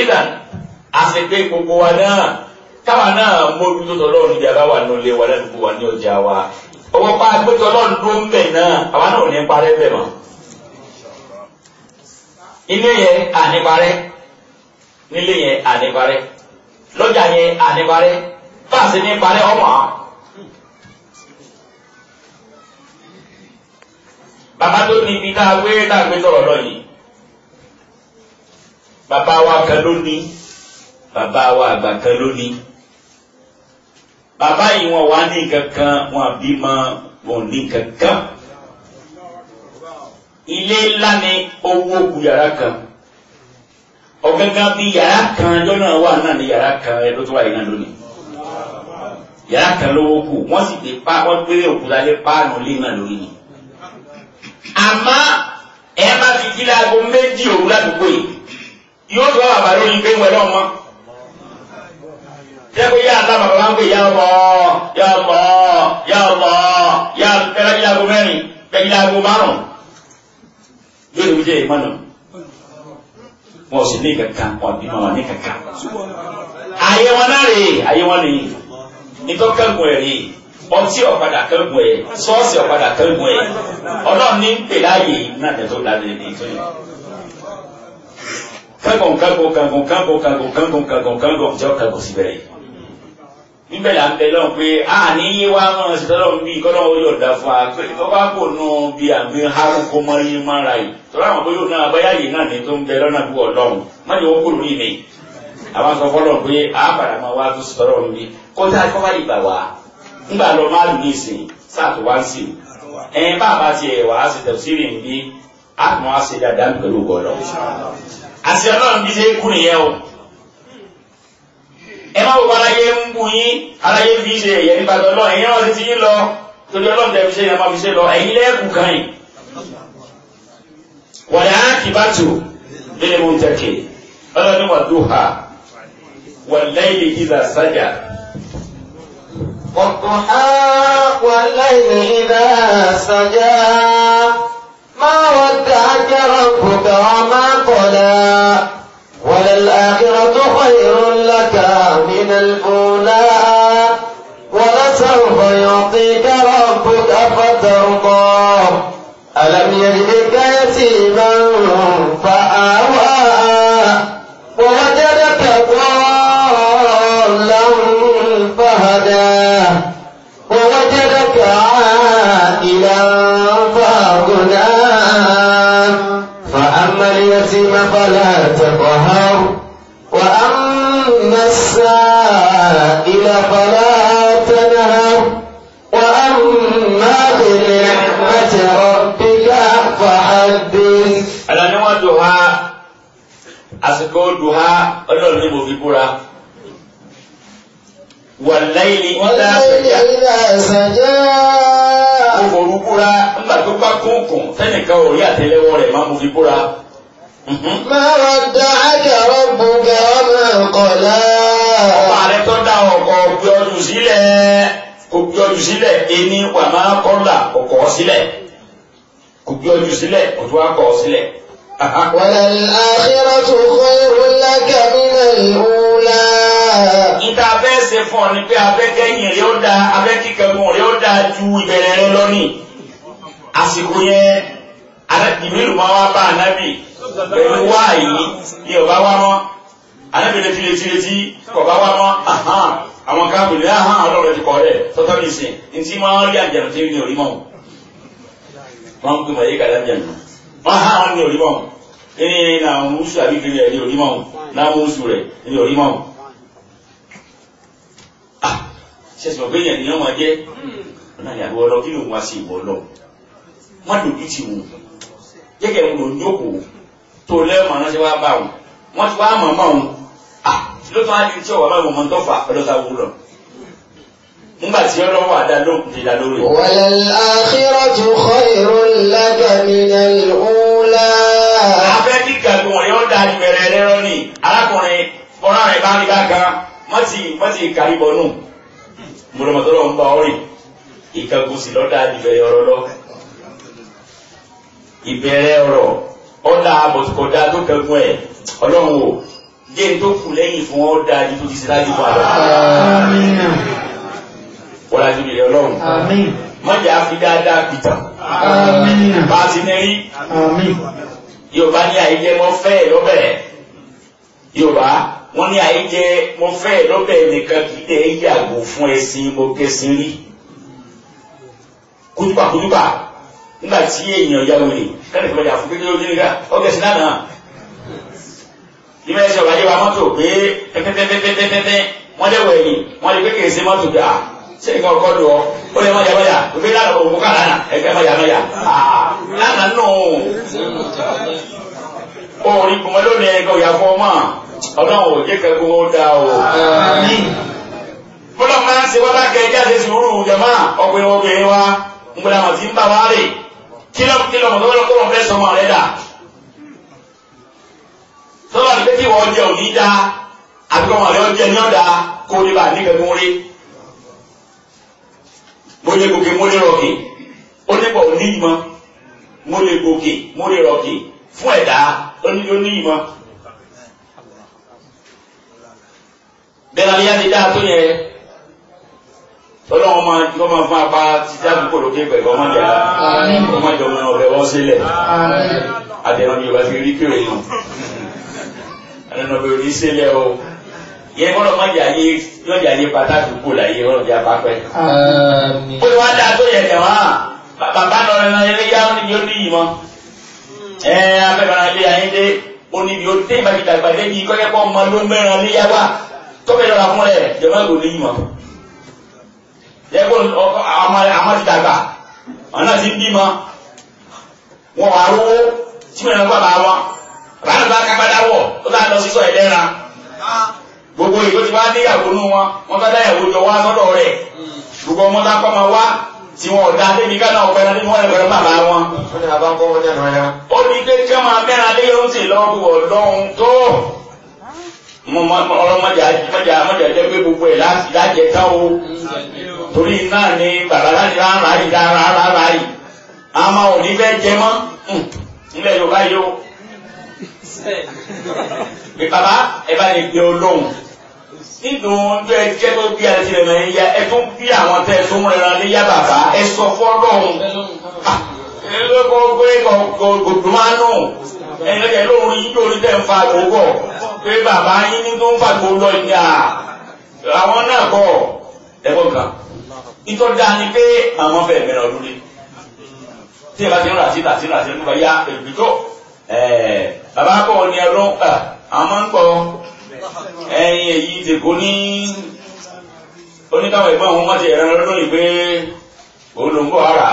ìdàn àṣepé gbogbo wa náà káwa náà mójútó tọ́lọ́run níbi àbáwá nínú ilé wa lẹ́nu wa ní ọjà wa ọwọ́ pa agbẹ́tọ̀ ọlọ́run ló ń bẹ̀ náà àwa náà ò ní parẹ́ bẹ̀ mọ́ ilé yẹn àníparẹ́ nílé yẹn àníparẹ́ lọ́jà yẹn àníparẹ́ fáàsì ní parẹ́ ọmọ bàbá tó ní ibi tá a wé tá a gbé sọ̀rọ̀ lọ yìí bàbá wa kan ló ní bàbá wa àgbà kan ló ní bàbá yìí wọn wá ní kankan wọn àbí mọ wọn ní kankan ilé ńlá ni owó ku yàrá kan ọ̀gángan bí yàrá kan lọ́nà wà náà ní yàrá kan ẹ ló tó wà yìí náà lónìí yàrá kan lówó kù wọ́n sì gbé pa wọ́n gbé òkúta lé páànù lé náà lórí àmọ́ ẹ má fi kí láago méjì òwúrọ̀ àdúgbò yìí yóò tó bàbá pé wọ́n lọ́mọ ya, ya ya ya ya jẹ́ pé yá àtàwọn bàbá ń pè kan? ọmọ yá ọmọ yá ọmọ yá ẹ̀rọ yá aago mẹ́rin ẹ̀rọ yá aago márùn-ún yóò lè jẹ́ ìmọ̀nà wọn ò sì ní kankan wọn àbí wọn ní kankan. ayé wọn náà rèé ayé wọn nìyí nítorí kẹ́gùn ẹ̀ rèé ọtí ọ̀padà kẹ́gùn ẹ̀ sọ́ọ̀sì ọ̀padà kẹ́gùn ẹ̀ ọlọ́run ní pèlè ààyè náà tẹ̀tọ́ lálẹ́ ní ìtọ́jú kankan kankan kankan kankan kankan kankan kankan jẹ́ kankan síbẹ̀ yìí níbẹ̀ là ń bẹ lọ́n pé a ní yín wá mọ̀ ọ́n síta lọ́n bí kọ́nà ó yọ̀ dá fún wa tó bá kò nù bí àbí harúkọ mọ́rí mọ́ra yìí tọ́lá àwọn bóyá náà bóyá yìí náà ní tó ń bẹ lọ́nà bí ọlọ́run má yọ kúrò ní mi àwọn sọ fọlọ́ pé a padà máa wá tó síta lọ́n bí kọjá kọ́ba ìgbà wá ńgbà lọ má lù ní ìsìn sáà tó wá sí i ẹ̀ bá ẹ má wò aláyé ń bu yín aláyé fi ṣe ẹ̀yẹ nípa tọ́lọ́ ẹ̀yin náà ti ti yín lọ torí ọlọ́run tẹ̀ fi ṣe ẹ̀yẹ má fi ṣe lọ ẹ̀yin lẹ́ẹ̀kù kan yìí. wọ̀dà kìbátù lílẹ̀ mú tẹ̀kẹ̀ ọlọ́run wà dùhà wàlẹ́yìn ìdá sájà. والضحى والليل إذا سجى ما ودعك ربك وما قلى الأولى ولسوف يعطيك ربك فترضى ألم يجدك يتيما فآوى ووجدك ضالا فهدى ووجدك عائلا فأغنى فأما اليتيم فلا تقهر السائل فلا تنهر وأما بنعمة ربك فحدث ألا نوى دعاء أسكو دعاء ألا نبو في برا والليل إذا سجى إذا سجى òfòrú búra nígbà tó bá kúnkùn sẹ́nìkan ò rí àtẹ́lẹwọ́ rẹ̀ máa mú fi búra. ما ودعك ربك وما قلى ọba rẹ tó dá ọkọ̀ ògbé ọdún sílẹ̀ ògbé ọdún sílẹ̀ ẹni wà máa kọ́dà ọkọ̀ sílẹ̀ ògbé ọdún sílẹ̀ òtún akọ̀ sílẹ̀. wal-akhiratu khayrun laka minal-ula. níta abẹ́ ṣe fún ọ ni pé abẹ́kẹ́yìn rẹ ó da abẹ́kíkẹ́gun rẹ ó da ju ìbẹ̀rẹ̀ rẹ lọ àsìkò yẹn ìbílù máa wá bá ànábì pẹ̀lú wáàyí ni ọba wá mọ́ anábìrin fi létí létí kọ̀ọ̀bá wa mọ́ ahán àwọn káàbù ní ahán ọlọ́run ti kọ́ rẹ̀ tọ́tọ́ ní ìsìn ní tí máa ń rí àjànà tí ní orí mọ́ wọn ń pè wáyé kàdá àjànà wọn há wọn ní orí mọ́ ní àwọn oṣù àbíkiri rẹ̀ ní orí mọ́ láwọn oṣù rẹ̀ ní orí mọ́ sẹ́sìn ọ̀gbẹ́ yẹn ni wọ́n máa jẹ́ ọ̀nà ìyàwó ọlọ́ kí ló ń wá sí ìwọ lọ wọ́n dòdú ti wù jẹ́gẹ̀ẹ́ wọn ló ń jókòó tó lẹ́ẹ̀mọ̀ wọn ti wá mọ̀ wọn ló tó á di tí ọ̀wá báwo mọ̀ ń tọ́fà ọlọ́ta wúlọ̀ nígbà tí ọlọ́run wà dá ló lè dá lórí. wal akhiratu khayrun laka minal ula. abẹ́ kíkà tó wọ̀nyí ó da ìbẹ̀rẹ̀ rẹ rọ́ọ̀nì arákùnrin fọ́nrá rẹ̀ bá rí bákan mọ́tì mọ́tì kárí bọ́nù mọ̀lọ́mọ́tọ́lọ́ ń bá ọ rìn ìkẹ́kùn sí ìbẹ̀rẹ̀ ọ̀rọ̀ lọ. ìbẹ̀rẹ̀ ọ̀rọ̀ ọ̀dà àbọ̀tìkọ̀dá tó kẹ́kùn ẹ̀ ọlọ́run wò jẹ́ tó kù lẹ́yìn fún ọ́ dáa ju tó ti ṣe dájú fún àlọ́. wọ́n ajú ilẹ̀ ọlọ́run. mọ̀jẹ̀ àfi dáadáa pìtàn. bá a ti ní yorùbá ní àìjẹ mọ́ fẹ́ ẹ̀ lọ́bẹ̀. yorùbá wọ́n ní àìjẹ mọ́ fẹ́ ẹ̀ lọ́bẹ̀ nìkan kì í tẹ̀ ẹ́ yàgò fún ẹṣin mo rí. kútùpà nígbà tí èèyàn yà wọlé kẹ́lẹ́ kọ́lẹ́ àfọ̀kẹ́kẹ́ ló dé nígbà ọ̀gẹ̀sìn náà ìmọ̀ ẹ̀ṣẹ̀ ọ̀gá yẹ wa mọ́tò pé pẹ́pẹ́pẹ́pẹ́pẹ́pẹ́ wọ́n lé wẹ̀ yìí wọ́n lè kékeré sí mọ́tò pé ah ṣé nǹkan ọkọ lò ó ó lè mọ̀yà mọ̀yà òfin lára òun kà lánà ẹgbẹ́ mọ̀yà mọ̀yà ah lánà nù òòrùn ìgbìmọ̀ lónìí ẹ̀kọ́ ìyá fún ọmọ ọlọ́run ò jẹ́ kẹ́kọ̀ọ́ ó dáa o. bọ́lá máa ń ṣe wọ́n bá kẹ́ ẹjẹ́ àti sùúrù jẹ̀mọ́ ọkùnrin obìnrin wa ń gbọ́dọ̀ àwọn tí ń bá wa rè kí lọ́mọ tó wọ́n kó wọn fẹ́ sọmọ rẹ̀ tọ́lá ní pé kí wọ́n jẹ òní dá àbíkọ́ wọn àríwọ́ jẹ ní ọ̀dà kó ní bá níbẹ̀ mú rí mo lè gòkè mo lè rọ̀kè ó nípa òní ìmọ̀ mo lè gòkè mo lè rọ̀kè fún ẹ̀dá ó ní ìmọ̀. bẹ́ẹ̀ la ní yá ti dáa tó yẹ ọlọ́run máa ń tọ́mọ fún apá títí àdúgbò lókè pẹ̀lú ọmọ ìyá ọmọ ìjọba ọbẹ̀ wọ́n sílẹ̀ adẹ̀rán ni yorùbá ti rí kéré nù ẹnu ọbẹ̀ òní sílẹ̀ o yẹ kọ́ lọ́mọ ìyá yé lọ́jà yé pàtàkì kò láyé ọlọ́jà bá pẹ́. ó ti wá dáa tó yẹ kẹ̀ wọ́n bàbá náà lọ́nà ẹlẹ́yà ó níbi ó ní ìmọ̀ hmm. ẹ abẹ́bàrà bí ayé dé ó níbi ó dé ìbàdí dàgbà dé ní kọ́kẹ́ pọ́ ọmọ ló mẹ́rin léyà wá tọ́pẹ́ lọ́la fún ẹ jọba kò ní ìmọ̀ yẹ kó àmọ́ ti dàgbà ọ̀nà ti bímọ wọn wà lówó tí mo yàn kó bàbá wọn báyìí bá kápadà wọ̀ ó náà lọ sísọ ìlera gbogbo ìlú ti wá níyàwó nú wọn wọn fẹ́ dáyàwó jọ wá sọ́dọ̀ rẹ̀ gbogbo ọmọ tá kọ́ máa wá tí wọn ọ̀dà débi ká náà pẹ́ran nínú wọn ẹ̀rọ bàbá wọn. ó ní bàbá ń kọ́ wọlé ẹ̀rọ ya. ó ní pé kí wọn mẹ́ra lé yóò sì lọ wọ lọ́hún tó. mo mọ ọ̀rọ̀ mọjà mọjà mọjà jẹ pé gbogbo ẹ lájẹ tán o. torí náà ni bàbá láti rárá yìí rárá rárá yìí. àmọ́ òní fẹ́ jẹ mọ́ nílẹ̀ Yorùbá yìí o pé papa ẹ bá lè gbé olóhùn nínú ọjọ́ ẹjẹ́ tó bí àti ẹ̀nà ẹ̀yà ẹ tó bí àwọn tẹ́ tó ń rẹran níyà bàbá ẹ sọ fọ́lọ́hùn ẹ ló kọ́ pé gòdò máa nù ẹ̀yẹ lóhun yín tó ní tẹ̀ ń fa gbogbo pé bàbá yín ní tó ń fa gbogbo lọ ìyá àwọn náà kọ̀ ẹ̀kọ́ kan nítorí dáa ni pé àwọn fẹ̀mẹ̀rẹ̀ ọdún ni tí ẹ bá ti ń rà sí rà sí rà sí ẹ̀ Eh, bàbá kọ̀ ní ẹ̀rọ àwọn máa ń pọ̀ ẹ̀yìn èyí tèkó ní oníkàwọn ẹ̀gbọ́n àwọn máa ti ẹ̀rọ lọ́dún yìí pé òun ló ń bọ̀ ara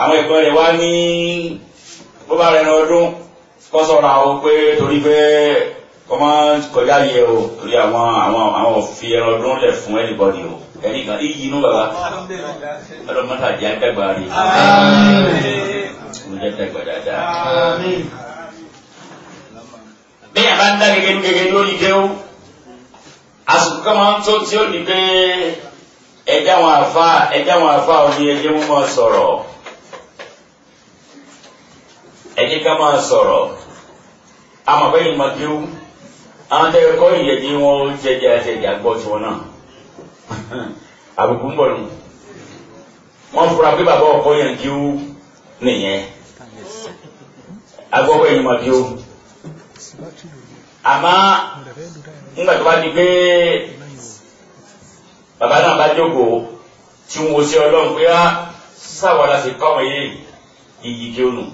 àwọn ẹ̀gbọ́n rẹ̀ wá ní bó bá rẹ̀ lọ́dún kọ́ sọ̀rọ̀ àwọn pé torí pé kọ́ máa kọjá yẹ o torí àwọn àwọn òfin ẹ̀rọ lọ́dún lẹ̀ fún ẹnìbọ̀dì o ẹ̀rí kan iyì inú bàbá ọlọ́run mọ́tà jẹ́ àdàgbà rè mo jẹ́ àdàgbà dáadáa. bí yàrá ń dá gẹ́gẹ́ gẹ́gẹ́ lórí kéwú àsìkò kan máa ń tó tí ó ní pé ẹ̀dá wọn àfa ẹ̀dá wọn àfa ò ní ẹjẹ́ wọn máa sọ̀rọ̀ ẹ̀jẹ̀ ká máa sọ̀rọ̀ àmọ̀ bẹ́ẹ̀ ni màkíw àwọn tẹ́lẹ̀ kọ́ ìyẹ̀dí wọn Hmm. àbùkù ń bọ̀ nù wọ́n fura pé bàbá ọkọ yẹn kí ó nìyẹn agbọ́kọ̀ yìí mà kí ó àmọ́ nígbà tó bá di pé bàbá náà bá jókòó tí ń wo ọlọ́run pé á ah, sáwọ́ la sì kọ́ ọmọ yìí iyì kí ó nù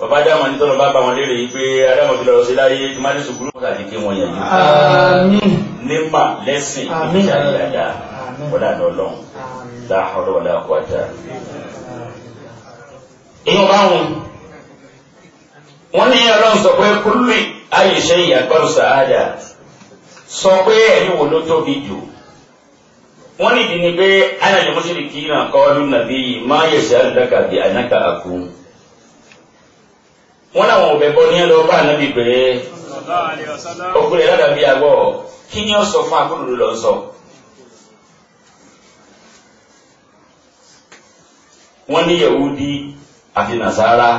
bàbá dáhùn àti tọ́lọ̀ bá bá wọn léèrè yìí pé adáhùn ti lọ́rọ̀ sí láyé tí má ní sùkúrú kọ́ta ní kí wọ́n yẹn ní. àmín. nípa lẹ́sìn ìjà ìyàdá wọlé àná ọlọ́run láhọ́rọ́ wọlé àkọ́jà. èyí wọn báwọn wọn ní ọlọ́run sọ pé kúlù ayéṣe ìyàgbọ́n sàádà sọ pé ẹ̀rí wo ló tóbi jù wọ́n ní ìdí ni pé ánàlẹ́ mọ́ṣẹ́lì kí náà kọ́ ọdún nàbí máa yẹ̀ sí àdúrà kàbí ànákà àkùn wọn làwọn ọbẹ bọ ní ẹ lọ bá ànábì pé ọkùnrin ládàbí àgọ kí ni ó sọ fún agbódòdó lọ sọ. wọn ní yahudi àti nasara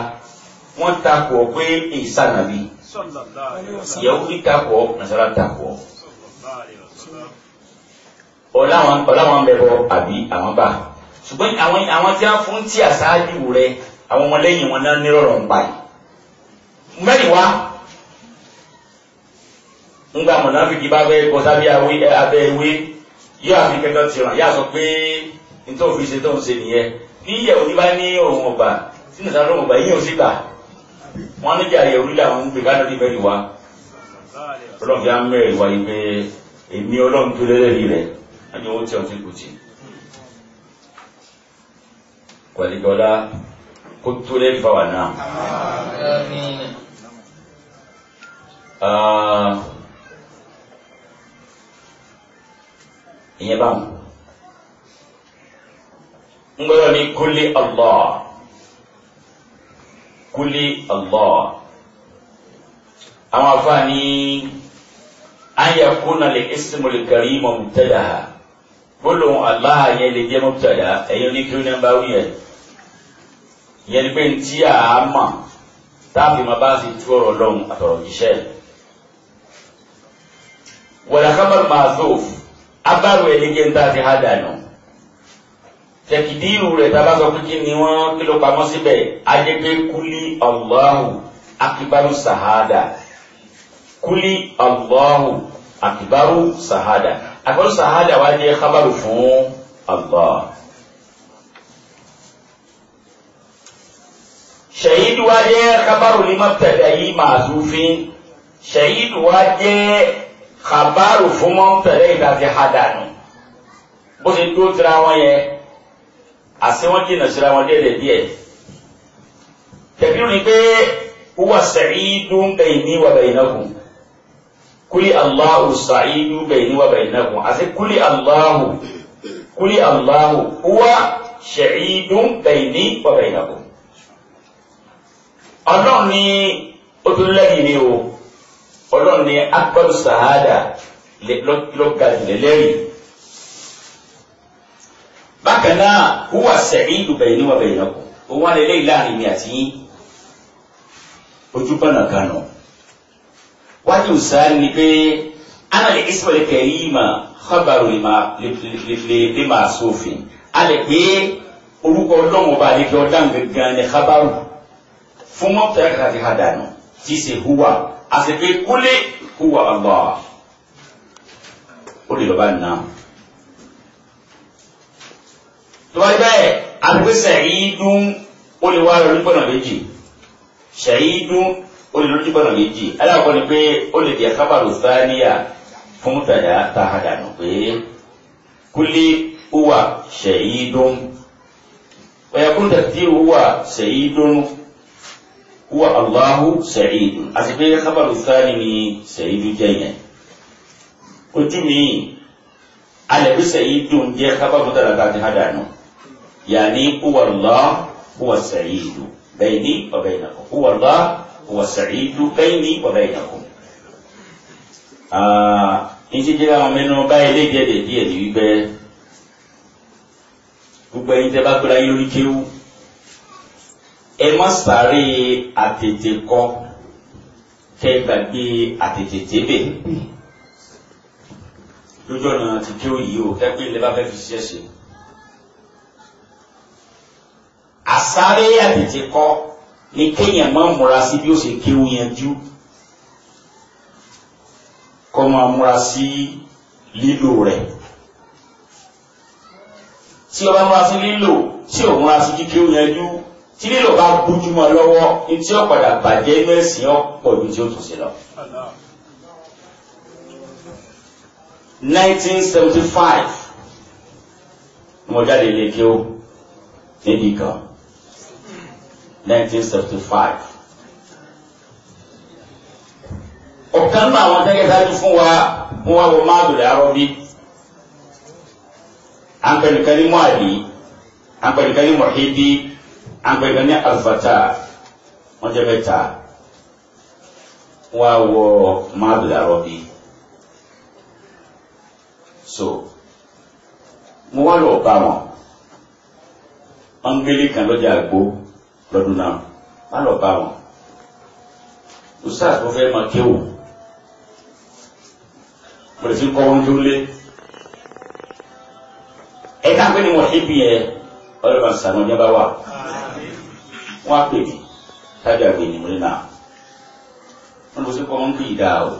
wọn takọ pé ìsànàbí yahudi takọ nasara takọ ọláwọn ọláwọn àbí àwọn bá ṣùgbọ́n àwọn tí wọ́n fún tí àṣáájú rẹ àwọn ọmọlẹ́yìn wọn náà nírọ̀rùn báyìí mẹ́rin wá ńgbà mọ̀nàfíkì bá fẹ́ kọ́ sábẹ́ abẹ́ ewé yóò àfi kẹ́kọ̀ọ́ ti ràn yá sọ pé nítorí òfin ṣe tó ń ṣe nìyẹn bí ìyẹ̀wò ní bá ní òun ọ̀gbà tí nìkan ló ń gbà yíyan sí gbà wọn ní jà yẹ̀wò nílẹ̀ àwọn gbèkà lórí mẹ́rin wá ọlọ́run fi á mẹ́rin wá yìí pé èmi ọlọ́run tó lẹ́lẹ́rìí rẹ̀ wọ́n ní owó tí wọ́n ti kù ìyẹn bá mu ń gbọ́dọ̀ ní kúlí allah kúlí allah àwọn afáàní ayakuna lè ismul karim mubtada gbólóhùn allah yẹn lè jẹ́ mubtada ẹ̀yọ́ ní kí ló ní bá wí yẹn ìyẹn ni pé ntí àá táàbì máa bá ti tú ọ̀rọ̀ lọ́hùn àtọ̀rọ̀ jíṣẹ́ yìí wala khabar mahzuf abáru ẹ̀ nígbẹ́ ń tà sí hádànù tẹkidiru rẹ̀ tá a bá sọ pé kí ni wọ́n kí ló pamọ́ síbẹ̀ ajẹ́pẹ́ kúlí Allahu akibaru sahada kúlí Allahu akibaru sahada akibaru sahada wá jẹ́ khabaru fún Allah. shahidu wá jẹ́ khabaru ní mọ́tẹ̀lẹ́ yìí màzúfin shahidu wá jẹ́ kàbáàrò fún mọ́ńtẹ̀lẹ́ ìdájí hádàánù bó ṣe dúró tira wọn yẹn àti wọn jìnnà síra wọn déédéé díẹ̀ tẹ̀bírù ni pé wúwa sa'idun bayni wa baynakum kúlí aláhù sa'idun bayni wa baynakum àti kúlí aláhù kúlí aláhù wúwa sa'idun bayni wa baynakum ọlọ́run ni tún lẹ́yìn ni o ọlọ́run ní akpọ́lù sàhádà lọ́gàdìlẹ̀ lẹ́rìí. bákan náà wúwà sẹ̀yìn ìdùbẹ̀yìn ní wọ́n bẹ̀yìn náà kù òun wà lélẹ́yìn láàrin mi àti yín ojúbọ̀nà kan nù. wájú sáré ni pé anàlẹ́ ìsọ̀lẹ̀ kẹ̀rí mà xabaru lè máa sófin alẹ́ pé orúkọ ọlọ́run ọba àlejò ọ̀dàn gangan ni xabaru fún mọ́tò ẹ̀ka kàkà dànù tí ì ṣe húwà àti pé kúlé huwa Allah ó lè lọ́ba nà. tọ́wọ́ bẹ́ẹ̀ àti pé sa'idun ó lè wá lórí gbọ́nà méjì sa'idun ó lè lórí gbọ́nà méjì alákọ̀ọ́ ni pé ó lè di àkábàrò sáníyà fún tàdá tàhádànù pé kúlé huwa sa'idun ọ̀yàkùn tàbí huwa sa'idun huwa Allahu sẹ̀yìdù àti pé kábàlù sáàlì ni sẹ̀yìdù jẹ́ yẹn ojú mi alẹ́bí sẹ̀yìdù ń jẹ́ kábàlù dáradá ti hádà nù yàní huwa Allah huwa sẹ̀yìdù bayni wa baynakum huwa Allah huwa sẹ̀yìdù bayni wa baynakum. Ah, ìṣe jẹ́ àwọn mẹ́nu báyìí lè jẹ́ dèdí ẹ̀ ní wípé gbogbo ẹ̀yin tẹ́ bá gbọ́dọ̀ ayé lórí kéwù ẹ mọ́ sáré àtètè kọ kẹ gbàgbé àtètè débẹ̀ lójú ọ̀nà tí kí ó yí o kẹ́gbẹ́ ilé bá fẹ́ fi ṣiṣẹ́ ṣe. àsáré àtètè kọ ni kéèyàn máa múra sí bí ó ṣe kéwu yanjú kọ́ máa múra sí lílò rẹ̀ tí ọba múra sí lílò tí ò múra sí kíkéwu yanjú tí lílò bá bójúmọ́ lọ́wọ́ etí ọ̀padà bàjẹ́ inú ẹ̀sìn ọ̀pọ̀ ibi tí ó tún sí lọ. 1975 mo jáde ilé kí ó níbi kan 1975 ọ̀kan náà àwọn tẹ́gẹ́sájú fún wa wọ́n wá wọ máàlù lárọ́ bí àǹpẹ̀lùkẹ́ ní mọ́ àdì àǹpẹ̀lùkẹ́ ní mọ̀hídìí agbẹ̀gbẹ̀ ní alifata wọ́n jẹ́ mẹ́ta wọ́n á wọ mábìlà so mo wá lọ bá wọn ọ̀ngẹ́lì kan lọ́jà àgbo lọ́dún náà má lọ bá wọn ustaz mo fẹ́ máa kéwù mo lè fi wọn tó lé ẹ̀ka pé ni wọ́n ṣe bí ẹ ọlọ́run àṣà bá wà wọ́n á pè mí tájà gbé ni mo ní nà wọ́n lọ sí kọ́ wọ́n ń bí ìdá o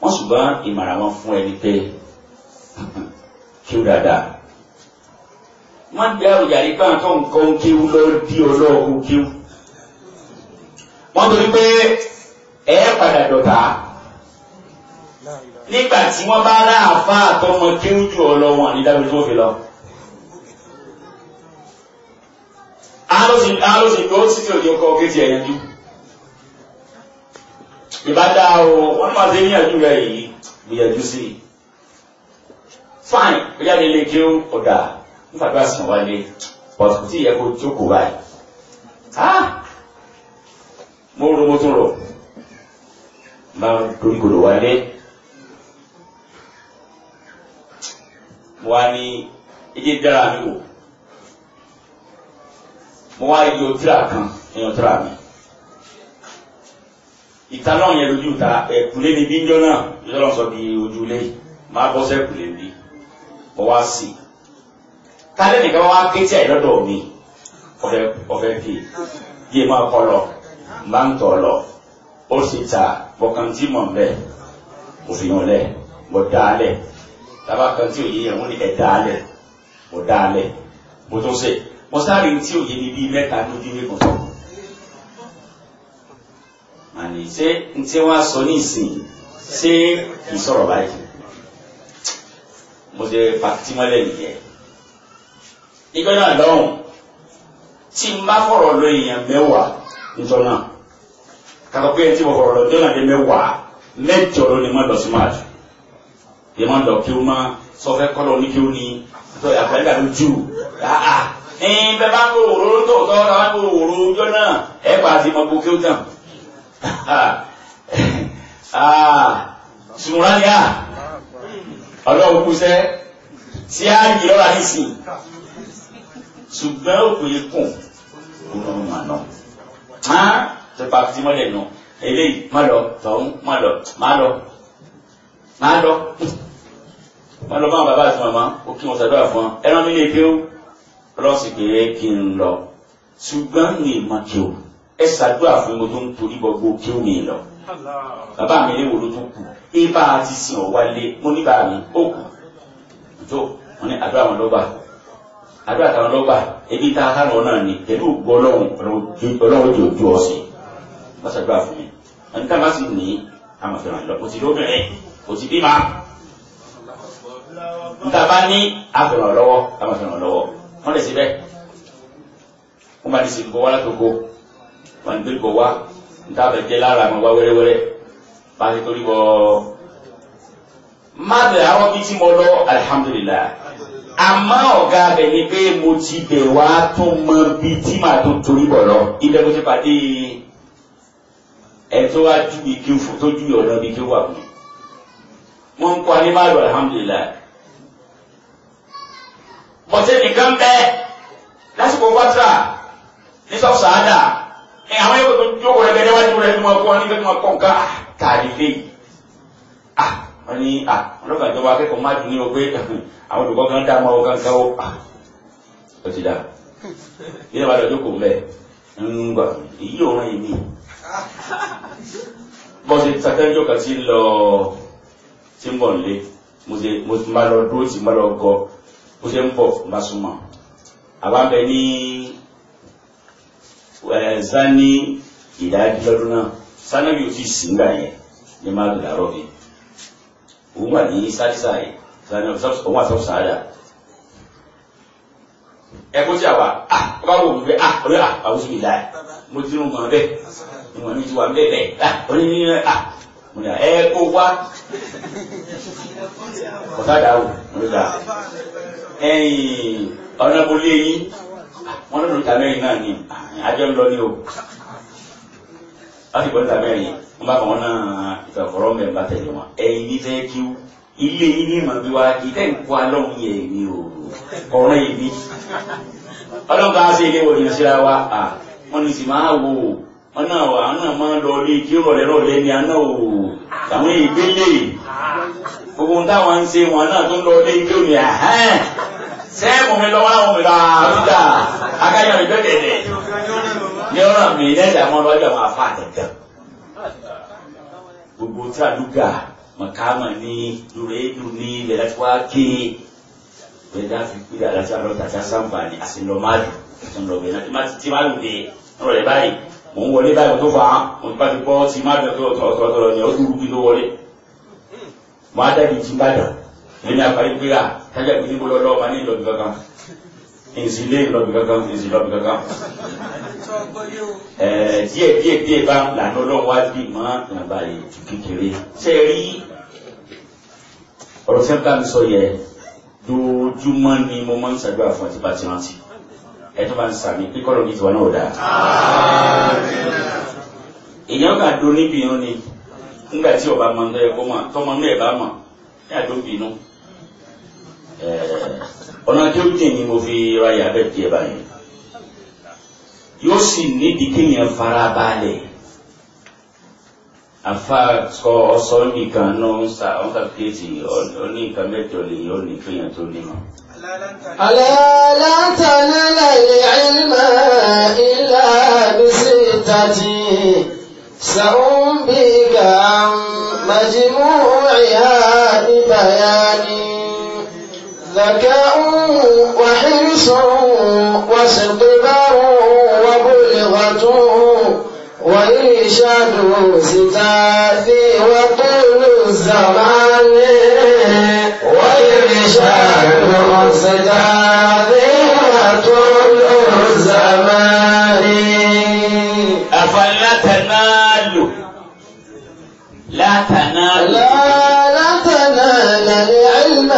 wọ́n ṣùgbọ́n ìmọ̀ràn wọn fún ẹni pé kí ó dáadáa wọ́n gbé àròjà yìí bá nǹkan nǹkan kéwú lọ bí ọlọ́ọ̀kú kéwú wọ́n torí pé ẹ padà dọ̀tà nígbà tí wọ́n bá ráàfáà tọmọ kéwú jù ọ lọ wọn ní dábìlì tó fi lọ. alóṣìkò ó sì tí òjò kọ kéjì ẹ̀yẹn jú ìbá dá o wọ́n máa ṣe níyànjú rẹ̀ yìí gbìyànjú sí i fine bóyá ní ilé kí ó ọ̀dà nífàdúrà sàn wálé pọ̀tù tí ìyẹ́ kó jókòó báyìí mo rò mo tún rò máa dorí kodò wálé mo wá ní ẹ jẹ́ dára mi wò mo wá yọ tíra kan èèyàn tíra mi ìta náà yẹn lójú ta ẹ̀kúlé ni bí ń jọ náà yóò lọ sọ di ojúlé máa bọ́ sẹ́kùlé mi mo wá sí i kálẹ̀ nìkan wá ké tí àìlọ́dọ̀ mi ọ̀fẹ́ ké bí ẹ máa kọ́ lọ máa ń tọ̀ lọ ó sì ta bọ̀kàntì mọ̀ mbẹ́ mo fi hàn lẹ̀ mo dá a lẹ̀ tábà tí ò yẹn wọ́n ní ẹ̀ dá a lẹ̀ mo dá a lẹ̀ mo tún sè é mo sáré tí òye mi bíi mẹ́ta lójú mi kàn sọ. àní ṣé n tí wọ́n sọ ní ìsìn ṣé kì í sọ̀rọ̀ báyìí mo ṣe pàtímọ́lẹ̀ nìyẹn. ìgbẹ́ náà lọ́hùn tí n bá fọ̀rọ̀ lọ èèyàn mẹ́wàá níjọ náà kàkọ́ pé ẹni tí mo fọ̀rọ̀ lọ jọ́nà dé mẹ́wàá mẹ́jọ ló ní má lọ sí máa jù ní má lọ kí ó má sọ fẹ́ kọ́ lọ ní kí ó ní àtọ́ àgbàlagbà ló jù áá ní bẹ́ẹ̀ bá ń wo òróró tòótọ́ ọ̀rọ̀ bá ń wo òróró ọjọ́ náà ẹ pa àti ìmọ̀ gbòkè ó tàn. Ah, sùmùránìyà ọlọ́run kú sẹ́ tí a yìí lọ́ra nísìn ṣùgbọ́n òkú yìí kùn kó lọ́run mà náà. á tó pa fi mọ́lẹ̀ nù eléyìí má lọ tọ̀hún má lọ má lọ má lọ má lọ má bàbá àti màmá ó kí wọn ṣàdúrà fún ọ ẹran mi lè gbé ó ọlọ́sì pé ẹ kí n lọ ṣùgbọ́n ní ìmọ̀kíw ẹ ṣàdúrà fún mo tó ń torí gbogbo kíw mi lọ. bàbá mi ní wòlò tó kù ibà ti sìn ọ̀ wálé mo ní bàbá mi ó kù tó wọn ní àdúrà wọn lọ́gbà àdúrà táwọn lọ́gbà ebi tá a ká lọ náà ni pẹ̀lú ògbọ́ ọlọ́run ọlọ́run ojú ojú ọ̀sìn wọ́n ṣàdúrà fún mi ẹni tá a bá sì ní àmọ̀ lọ kò sí lóbìnrin kò sí bímọ. n ta bá ní àfẹ́ràn lọ́wọ́ àmọ̀ lọ́wọ́ wọ́n lè ṣe bẹ́ẹ̀ wọ́n máa ti sèǹbọ̀ wá látòkò wọ́n ti bọ̀ wá níta bẹ̀ jẹ́ lára àwọn wá wẹ́rẹ́wẹ́rẹ́ bá a ti torí bọ̀ má bẹ̀ àwọn bí tí mo lọ alihamudulilayi àmọ́ ọ̀gá abẹ ni pé mo ti bẹ̀ wá tó mọ bí tí màá tó torí bọ̀ lọ ilẹ̀ mo ti pàdé ẹ̀ tó wá ju ìkífù tó ju ọ̀nà bí kí wà fún mi wọ́n ń kọ́ animáàlú alihamudulilayi bọ̀tẹ́ nìkan bẹ́ lásìkò wátrà ní sọ́ọ̀ sàádà ẹ̀ àwọn yóò tó jókòó rẹ̀ gẹ́gẹ́ wájú rẹ̀ ní wọn kọ́ wọn ní kẹ́kẹ́ wọn kọ́ nǹkan ah, tààrí lé ah wọn ní ah ọlọ́kàn ìjọba akẹ́kọ̀ọ́ má dùn ní o pé àwọn olùkọ́ kan dá àwọn kan káwọ́ ah ó ti dà bí ẹ bá lọ jókòó mẹ́ ń gbà èyí ò rán èmi bọ́sẹ̀ sátẹ́ńjọ́ kan ti lọ tí ń bọ̀ nílé mo ti máa lọ dúró tí máa lọ gọ ó ṣe ń pọ̀ bá súnmọ́ àwa bẹ ní zani ìdájí lọ́dún náà sanabi òfin sìngbà yẹn ní má lò lárọ́ bi òun wà ní sálísà yìí zani òun wà sọ́ọ̀sà yà ẹkún tí a wà á ọba wò wípé á ọlọ́ à àwùjọ mi là mo ti rún wọn bẹ́ẹ̀ ìwọ̀n mi ti wà bẹ́ẹ̀ bẹ́ẹ̀ á oníyẹn á wọn yà ẹ kó wá ọ̀sádà wò wọn yà ẹyìn ọ̀nàbọ̀lé yín wọn lọ́dún ìta náà ni ah, àjọ ń lọ ní o láti gbọ́dọ̀ ìta mẹ́rin wọn bá kàn wọn náà ìfẹ̀fọ̀rọ̀ mẹ́rin bá tẹ̀lé wọn ẹ̀yìn ní fẹ́ kí ilé yín ní ìmọ̀ bí wa ìtẹ́ ìkó alọ́hùn yẹ èmi o ọ̀rọ̀ èmi ọlọ́run kan á sí ilé ìwòyàn síra wa ah, wọ́n ní sì máa wò ó wọn náà wà á náà máa lọ ilé tí rọlẹ́ rọlẹ́ ni àná ò àwọn ìgbélé gbogbo ohun táwọn ń ṣe wọn náà tó ń lọ ilé tí ó ní àhán sẹ́ẹ̀mù mi lọ́wọ́ àwọn mìíràn àrùdà akájọ ìgbẹ́kẹ̀lẹ̀ ní ọ̀ràn mi lẹ́yìn àwọn ọlọ́jọ́ máa fà dandan gbogbo tí a lùgà mọ̀kámà ní lùrẹ́dù ní ilẹ̀ láti wá ké bẹ́ẹ̀ fi pé àlàáfíà lọ́tà sáǹfà ní àṣìlọ́mádù tó ń lọ mò ń wọlé báyìí tó fà á mo bá ti bọ́ sí má dọ̀ tọ̀tọ̀tọ̀ ni ó tún rú kí ló wọlé mo á dàbí jí bàdàn èmi àpárí pé à kájà pé níbo lọ́lọ́ ọba ní ìlọ́bì kankan èsì lé ìlọ́bì kankan èsì ìlọ́bì kankan. díẹ̀ díẹ̀ díẹ̀ bá lànà ọlọ́run wá bí mọ́ nàbà ètò kékeré ṣe rí ọ̀rọ̀ sẹ́ńtà mi sọ yẹ lójúmọ́ ni mo máa ń ṣàdúrà fún àtibátì ẹ̀tọ́ bá ń sàmì kíkọ́ lóbi tiwa náà dáa. èèyàn kà dún níbi irun ni nígbà tí ọba mọ̀ ní ẹ̀kọ́ mọ̀ tọmọ ní ẹ̀bá mọ̀ ní àdóbìnú. ọ̀nà tí ó dì ní mo fi ra yàbẹ̀ tiẹ̀ báyìí yóò sì nídìí kéèyàn fara afa kọ ọsọ nìkan náà ń sa ọ̀n kàkéèsì ọ̀nìkan mẹ́tọ̀ lè yọ ọ́ yẹn tó ní mọ́. ألا لا تنل العلم إلا بستة سأنبيك عن مجموعها ببيان ذكاء وحرص واستكبار وبلغة وإنشاد ستافي وطول الزمان وإنشاد ستافي وطول الزمان أفلا تنال لا تنال لا لا تنال العلم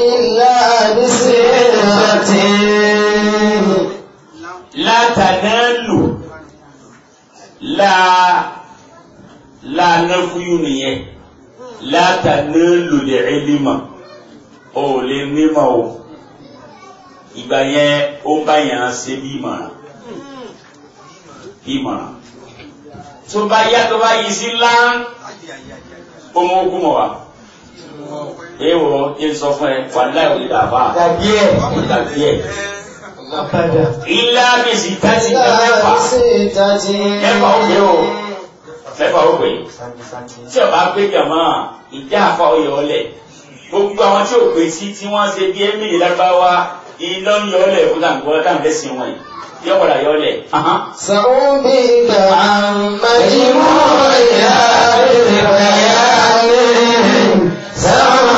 إلا بسرته لا تنال la la nafuyu nìyẹn láta ní lòdì ẹlímà ò lè mímọ o ìgbà yẹn ó bá yàn ṣe bí ìmọ̀ràn ìmọ̀ràn tó bá yá tó bá yìí sí ńlá ọmọ ogun mọ̀ wá èèwọ̀ kí n sọ fún ẹ wàláì òlìdàbà dàbí ẹ ilá mèsì tàti ẹ̀fà ẹ̀fà òkè o ẹ̀fà òkè tí ọba pé jàmọ́ ìjà àfa oyè ọlẹ̀ gbogbo àwọn tí ò pè sí tí wọ́n ṣe bí ẹ́mìlì lágbáwá iná ń yọ ọlẹ̀ fún àgbọ̀n dáńdẹ́sìn wọn yìí yọ padà yọ lẹ̀. sàúbì kàá mẹ́jì mú ìyá rẹ̀ rẹ̀ yá lé sàúbì.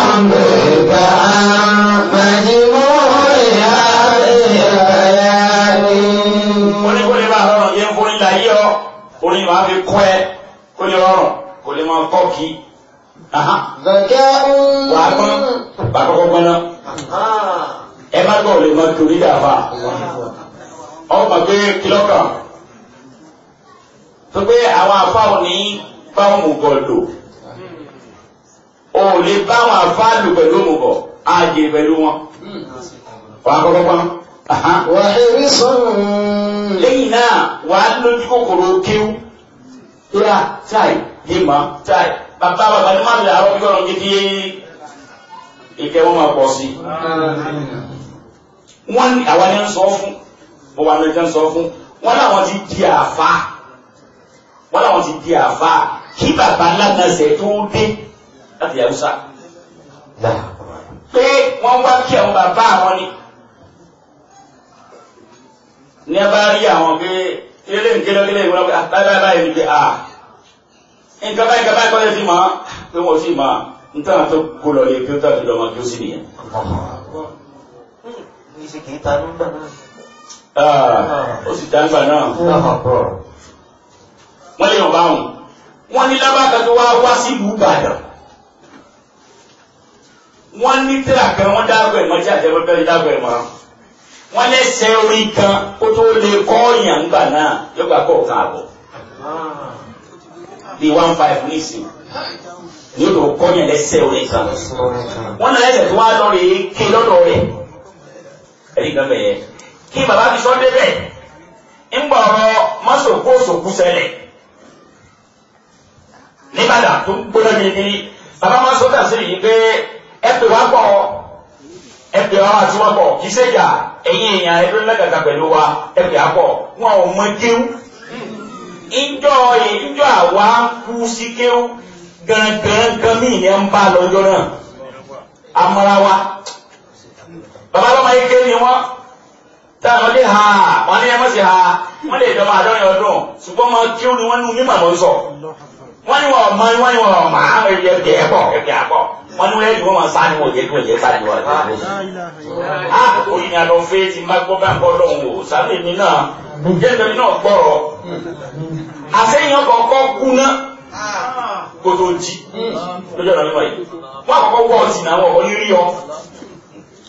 tó ní dàfà ọmọ pé kílọ́kà tó pé àwọn afáwọn ní báwọn mùgọ̀ lò ò lè báwọn afá lò pẹ̀lú mùgọ̀ àjè pẹ̀lú wọn wà á kọ́kọ́ pọ́n. wà á eré sọ̀rọ̀. lẹ́yìn náà wà á lójú kòkòrò kéwú yíra táì yéèmá táì bàbá bàbá ni má lè àárọ̀ kí ọ̀rọ̀ ìkẹ́wọ́n máa pọ̀ sí i wọ́n ní àwọn ẹni ń sọ fún wọ́n wà lẹ́jọ́ ń sọ fún wọ́n láwọn ti di àfa wọ́n láwọn ti di àfa kí bàbá lánàṣẹ tó dé láti yàrúsà pé wọ́n wá kí àwọn bàbá àwọn ni ní a bá rí àwọn pé ilé nkélókélé ìwé lọ́kọ́ ah, báyìí báyìí ni pé a ah, nǹkan báyìí nǹkan báyìí kọ́ lè fi mọ́ pé wọ́n sì mọ́ nítorí àwọn tó kó lọ lè kí ó tàbí lọ́mọ kí ó sì nìyẹn. Ah, ah. ó sì ta nígbà náà. Ah, wọ́n lè yàn báwọn wọ́n ní lábàkà tó wá wá sílùú Ìbàdàn wọ́n ní tíra kan wọ́n dáàbò ẹ̀mọ́ tí àjẹmọ́tọ́ yìí dáàbò ẹ̀mọ́ wọ́n lẹ́sẹ̀ orí kan kó tó lè kọ́ ọ̀yàn ńgbà náà yọgbà kọ̀ọ̀kan àbọ̀ bí one five ní ìsìn ní o tó kọ́ ọ̀yàn lẹ́sẹ̀ orí kan wọ́n lẹ́sẹ̀ tó wá lọ́ọ̀rẹ́ ké lọ́dọ̀ rẹ̀ ẹ̀rí nǹkan bẹ̀ yẹ kí bàbá fi sọ débẹ̀ ńgbà ọ̀rọ̀ mọ́sòkó sòkú ṣẹlẹ̀ nígbàdà tó ń gbóná gidigidi bàbá máa sọ dà sí yìí pé ẹ pè wá pọ̀ ẹ pè wá àti wá pọ̀ kì í ṣe ìjà ẹ̀yin èèyàn ẹ lórí lágàgà pẹ̀lú wa ẹ pè á pọ̀ wọn ò mọ kéwú ìjọ ìjọ àwa kú sí kéwú gangan gan mí ìyẹn ń bá lọ́jọ́ náà amọ́ra wa bàbá yìí ké ni wọ́n táwọn lè ha wọn ní ẹmọ ha wọn lè dọ́mọ àdọ́rin ọdún ṣùgbọ́n mọ kí ó ní wọn nú mímọ̀ ló sọ wọn ní wọn ọmọ wọn ní wọn ọmọ àwọn èèyàn ẹgbẹ́ ẹ̀kọ́ ẹgbẹ́ àkọ́ wọn ní wọn ẹ̀yìn wọn sá ni wọn ò yẹ kí wọn yẹ sá ni wọn ẹ̀kọ́ a òyìn àlọ́ fẹ́ ti má gbọ́ bá lọ́hùn o sáré mi náà bùjẹ́ mi náà gbọ́rọ̀ àṣẹyìn ọkọ̀ ọkọ̀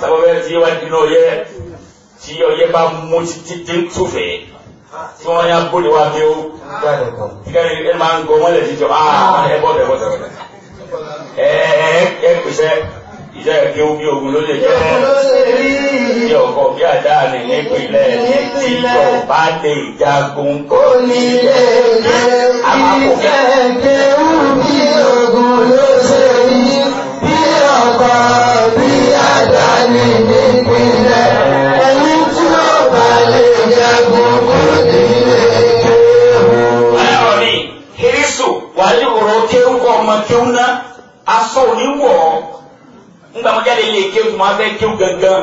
sababẹ tí wa di n'oyẹ tí oyẹ bá mú títí dé tufẹ tí wọn yà bóni wa bí o tiga ẹ máa ń gbọmọ lẹ aa ẹ bọ bẹ bọ bẹ bẹ ẹ ẹ ẹ pèsè ìjọ yẹ kí bí ogun ló lè jẹ bí ọkọ bí àdá ni nípìnlẹ̀ ní tìjọ bá lè jagun kò ní lè jẹ àmàkùnkẹ. ìjẹ́ bí ogun ló lè jẹ. ọmọ kéwù náà aṣọ oníwọ̀ ńgbà mo jáde lè kéwù mo fẹ́ kéwù gangan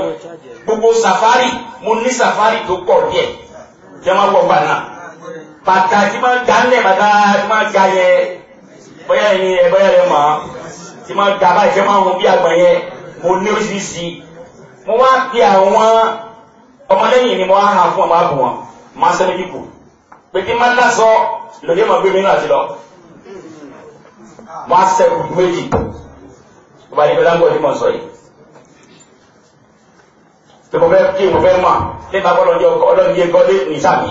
gbogbo safari mo ní safari tó pọ̀ díẹ̀ jẹ́ máa wọ̀ gbà náà bàtà tí máa ga ńlẹ̀ bàtà tí máa ga yẹ bóyá ẹ̀yin ẹ̀ bóyá ẹ̀ mọ̀ tí máa ga báyìí jẹ́ máa wọn bí àgbà yẹ mo ní oríṣiríṣi mo wá pe àwọn ọmọlẹ́yìn ni mo wá ha fún ọmọ àbùwọ̀n máa sẹ́ni kíkù pé kí n má lásọ lòdì ọmọ gbé mi náà ti lọ wọn á sẹ́kù méjì ọba ní ìgbẹ́lá ń bọ̀ ní sọ yìí. Tẹ̀kọ̀ fẹ́ kí mo fẹ́ mọ̀ nípa kọ́ ọlọ́ọ̀ni yé gọ́lé ní sàmì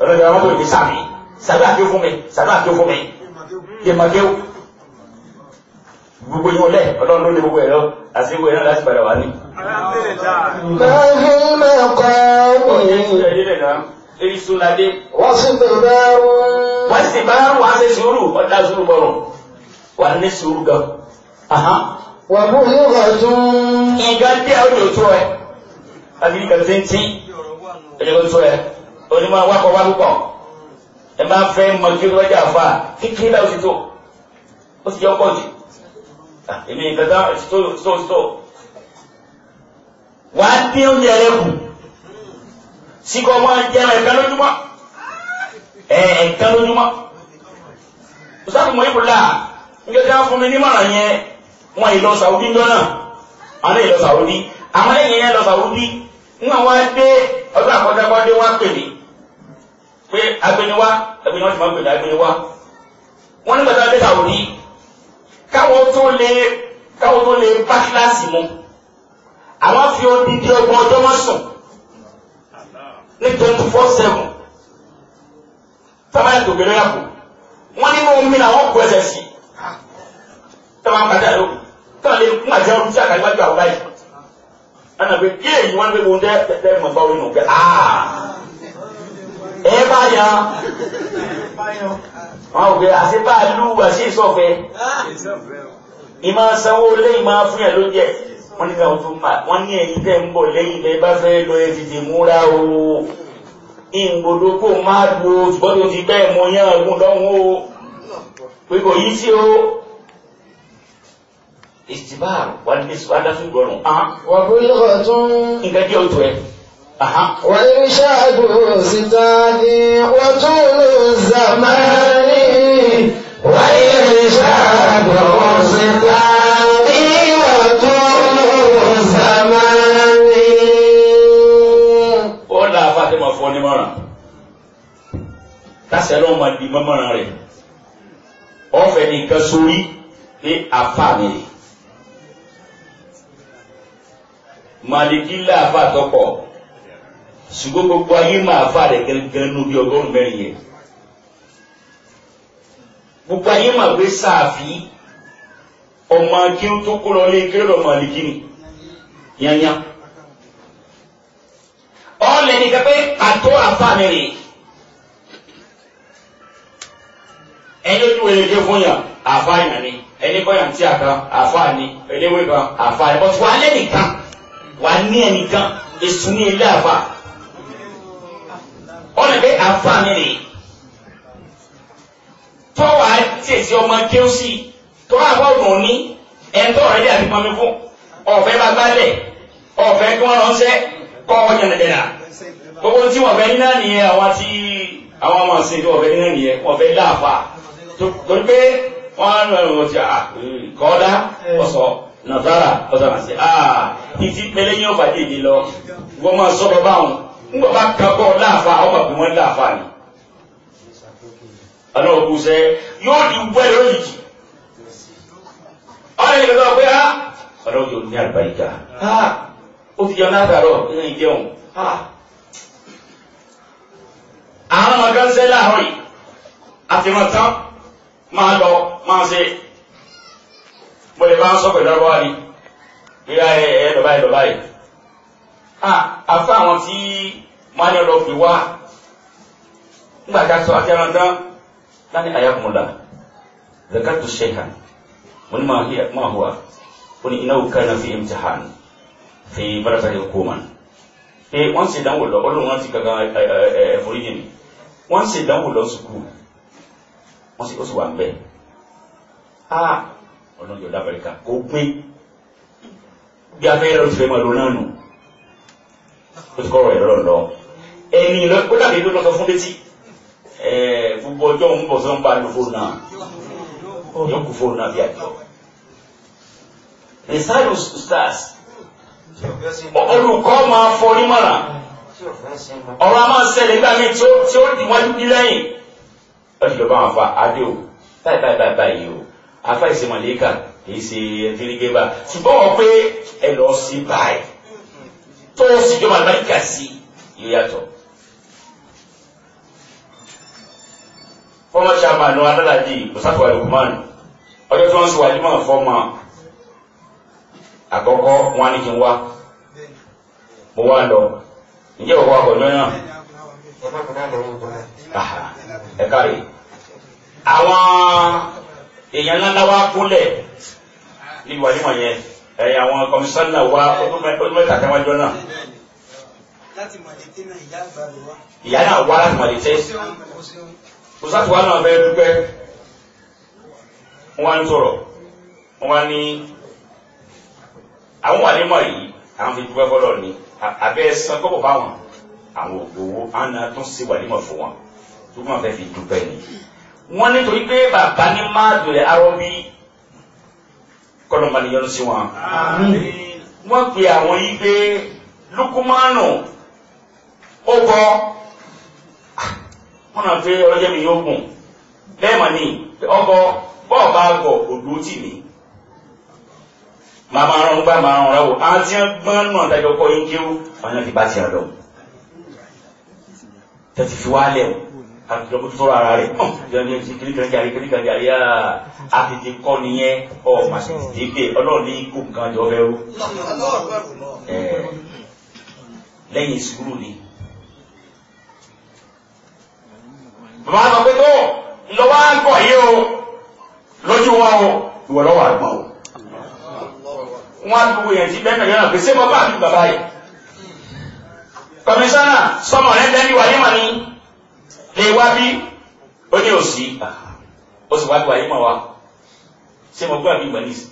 ọlọ́ọ̀ni yé mọ́tò ní sàmì sàdúrà kí fún mi sàdúrà kí fún mi kí ẹ máa kéwò. Gbogbo yín wọlé ọlọ́ọ̀ni ló lè gbogbo ẹ̀rọ àti gbogbo ẹ̀rọ láti padà wá ní. Báyìí máa kọ́ ọ́ Erisunlade. Wọ́n sì bẹ̀rù. Wọ́n sì bẹ̀rù wá sí sùúrù ọ̀dà sùúrù bọ̀rọ̀ wà ní sùúrù gan. wà á bóyá ọ̀gá tún. ìgbà díẹ̀ ó lè tó ẹ àbílí kan ti ń tí ó tó ẹ onímọ̀ awakọ̀ wá púpọ̀ ẹ máa fẹ́ mọ kí lọ́jà fà kíkí láwọn ti tó ó sì jẹ́ ọkọ̀ jù èmi nǹkan tá tó tó tó wà á dín oúnjẹ rẹ kù síkọ̀ máa jẹ́ ẹ̀ka lójúmọ́ ẹ̀ẹ̀kan lójúmọ́. Ustaz Muhibullah gẹ́gẹ́ fún mi nímọ̀rà yẹn wọn ìlọ sàwúdí lọ́nà àwọn ìlọ sàwúdí àwọn ẹ̀yìn yẹn lọ sàwúdí wọn wá dé ọdún àkọ́jọ́kọ́ dé wá pèlè pé agbẹniwá agbẹniwá ti máa pèlè agbẹniwá wọn nígbà tá a dé sàwúdí káwọn tó lè káwọn tó lè bá kíláàsì mu àwọn fi odidi ọgbọ̀n ọjọ́ máa sùn ní twenty four seven tábàlì tó gbẹdọ̀ yàgò wọn ní mo mi làwọn kọ ẹsẹ̀ sí i táwọn àgbàdo àlọ́ táwọn lè kún àjẹ́ ọdún sí àkàlíwájú àwọn báyìí ẹnna pé kí èyí wọn léwu dẹ tẹtẹ mọ bá wọn nù pé aa ẹ bá yà wọn ò pé àti bá a lù àti ìsọfẹ ìmọ̀ sanwó lẹ́yìn máa fún yà lóúnjẹ wọn ní káwọn tó mà wọn ní ẹ̀yìn tẹ̀ ń bọ̀ lẹ́yìn tẹ̀ bá fẹ́ lọ ẹ tètè múra o ìgbòdókò máa lo ṣùgbọ́n tó ti bẹ́ẹ̀ mọ yẹn ọ̀gùn lọ́wọ́ o pé kò yí sí o istibar wàdásù gbọ́rùn. wà á bóyá wà tún. nǹkan jẹ́ òtún ẹ. wà á iṣẹ́ àdúró síta ni wà tún lò zamani. wà á iṣẹ́ àdúró síta ni wà tún lò zamani. ó dáa fàtí ma fọ́ ní mọ́ràn ma di mọ́mọ́ràn rẹ̀ ọ̀fẹ́ nìkan sórí pé àfa mi màlìkí là àfa àtọ́pọ̀ ṣùgbọ́n gbogbo ayé máa fa rẹ̀ gẹ́gẹ́ nínú bí ọgọ́rùn-ún mẹ́rin yẹn gbogbo ayé máa gbé sáàfì ọmọ akíní tó kó lọ lé kéré lọ màlìkí ni yányá ọ̀lẹ́ nìkan pé àtọ́ àfa mi rè ẹni ojú wẹ̀lẹ̀ ké fún yà àfa yàn ni ẹni bọ́yà ti àkà àfa ni ẹni wẹ̀ kan àfa ni bọ́sùwọ̀n alẹ́ nìkan wà ní ẹnìkan èsù ní ilé àfa ọ̀nà bẹ́ẹ̀ àfa mi rè tọ́wà tẹ̀sí ọmọ kéwù sí tọ́wà àbọ̀ ọ̀gbọ̀n ní ẹ̀ńtọ́ ọ̀rẹ́ dí àfi pọnmi fún ọ̀fẹ́ bá gbálẹ̀ ọ̀fẹ́ kí wọ́n ránṣẹ́ kọ́ ọ jẹnẹdẹnà gbogbo tí wọ́n fẹ́ nínà nìyẹn àwọn tí àwọn ọmọ ọ̀sìn tí wọ́n fẹ́ nínà nìyẹn wọ́n fẹ́ láàfà torí pé wọ́n á lọ ọ̀rọ̀ ti à kọ́ọ́dá ọ̀sọ́ nàtàrà ọ̀sán àti àà ah, títí pẹ̀lẹ́ yín ọba dèdè lọ wọ́n máa sọ̀rọ̀ báwọn ń bọ̀ bá kankọ́ láàfa àwọn àbí wọ́n láàfa ni. ọ̀nà òkú sẹ́ yóò di wẹ́ lórí jì ọ̀nà ìlú náà pé á ah, ọ̀nà òjò ní àgbáyíká ah, ó ti jẹun látàrọ̀ nínú ìjẹun àwọn ọmọ kan sẹ́ láàárọ̀ yìí àti wọn tán máa lọ máa ṣe. mo lè máa ń sọ pẹ̀lú ọgbọ́n wa ni ìyá ẹ ẹ lọ àwọn tí a sọ àti ẹran tán láti àyàkùnmọ̀lá zakatu sheikhan mo ní máa hùwà ó ní iná òkà fi fi hukuman pé e, wọ́n sì dánwò lọ ọlọ́run wọn ti kankan ẹ̀ẹ́dẹ́gbẹ̀rún yìí wọ́n sì dánwò ọlọ́run yọ̀dá àbáríkà kó pé bí afẹ́yẹ́ lọ́dún fẹ́ máa lò náà nù ó ti kọ́rọ̀ ẹ̀rọ lọ ẹni ó dàbí pé lọ́sọ fún létí gbogbo ọjọ́ òun bọ̀ sọ́n bá lò fóònù náà yóò kú fóònù náà bí àjọ resign your stars olùkọ́ máa fọ onímọ̀ràn ọ̀rọ̀ a máa ṣẹlẹ̀ nígbà míì tí ó di wájú ní lẹ́yìn ọ̀dùnjọba àwọn afa adé o báyìí báyìí báyìí o afa ìṣe màlẹ́kà kìí ṣe ẹ̀dínlẹ́gẹ́bà ṣùgbọ́n wọ́n pé ẹ lọ sí báyìí tó o sì jọ màlẹ́kà sí yóò yàtọ̀. fọmọ ṣàmà lọ alálàjì mùsàfù alukuman ọjọ́ tí wọ́n sọ fọmọ àkọ́kọ́ wọn ni kí n wá mo wá lọ ǹjẹ́ èèyàn ńlá wá kúnlẹ̀ níbi wà níwọ̀n yẹn ẹ̀yìn àwọn kọmíṣánná wa ọdún mẹ́ta àtàwájọ náà. ìyá náà wá láti màdìtẹ́ òṣàtì wa náà fẹ́ dúpẹ́ wọ́n wá ń sọ̀rọ̀ wọ́n wá ní àwọn wà nímọ̀ yìí àwọn fi dúpẹ́ fọlọ́ ni abẹ́ san kọ́kọ́ fáwọn àwọn ògbówó àwọn náà tún ṣe wà nímọ̀ fún wọn tó máa fẹ́ fi dúpẹ́ ni wọ́n ní torí pé bàbá ní máa dùrẹ̀ arọ́bí kọ́nọ̀mọ́ni yọ́nú sí wọn. wọ́n pe àwọn yìí pé lukumanu ó kọ́ ah, wọ́n náà pé ọlọ́jẹ́ mi yóò gùn bẹ́ẹ̀ mà ní ọkọ bọ́ọ̀ bá gọ̀ òdò tì mí màmá rán gbá màá rán rẹ́wò á ti ń gbọ́n náà dájọ́ kọ́ yín kí ó wọn náà ti bá ti lọ tẹ̀sí fi wá lẹ́wọ̀n àtijọ́kú tó sọ́rọ̀ ara rẹ̀ yọ̀nyẹ̀ kiri kan jàre kiri ah, eh. oh, oh, kan jàre yá àtètè kọ́ nìyẹn ọ màsídéédé ọlọ́ọ̀ni kò nǹkan jọ bẹ́ẹ̀ o lẹ́yìn sùúrù ni. bàbá sọ pé tó lọ́wọ́ à ń bọ̀ o lójú wa o ìwọ lọ́wọ́ àgbà o wọ́n á gbogbo yẹn ti bẹ́ẹ̀ mẹ́rin náà pèsè mọ́ lè wá bí ó ní òsì ó sì wá gba ayé mọ́ wa ṣé mo gbọ́ àbí ìgbà nìyí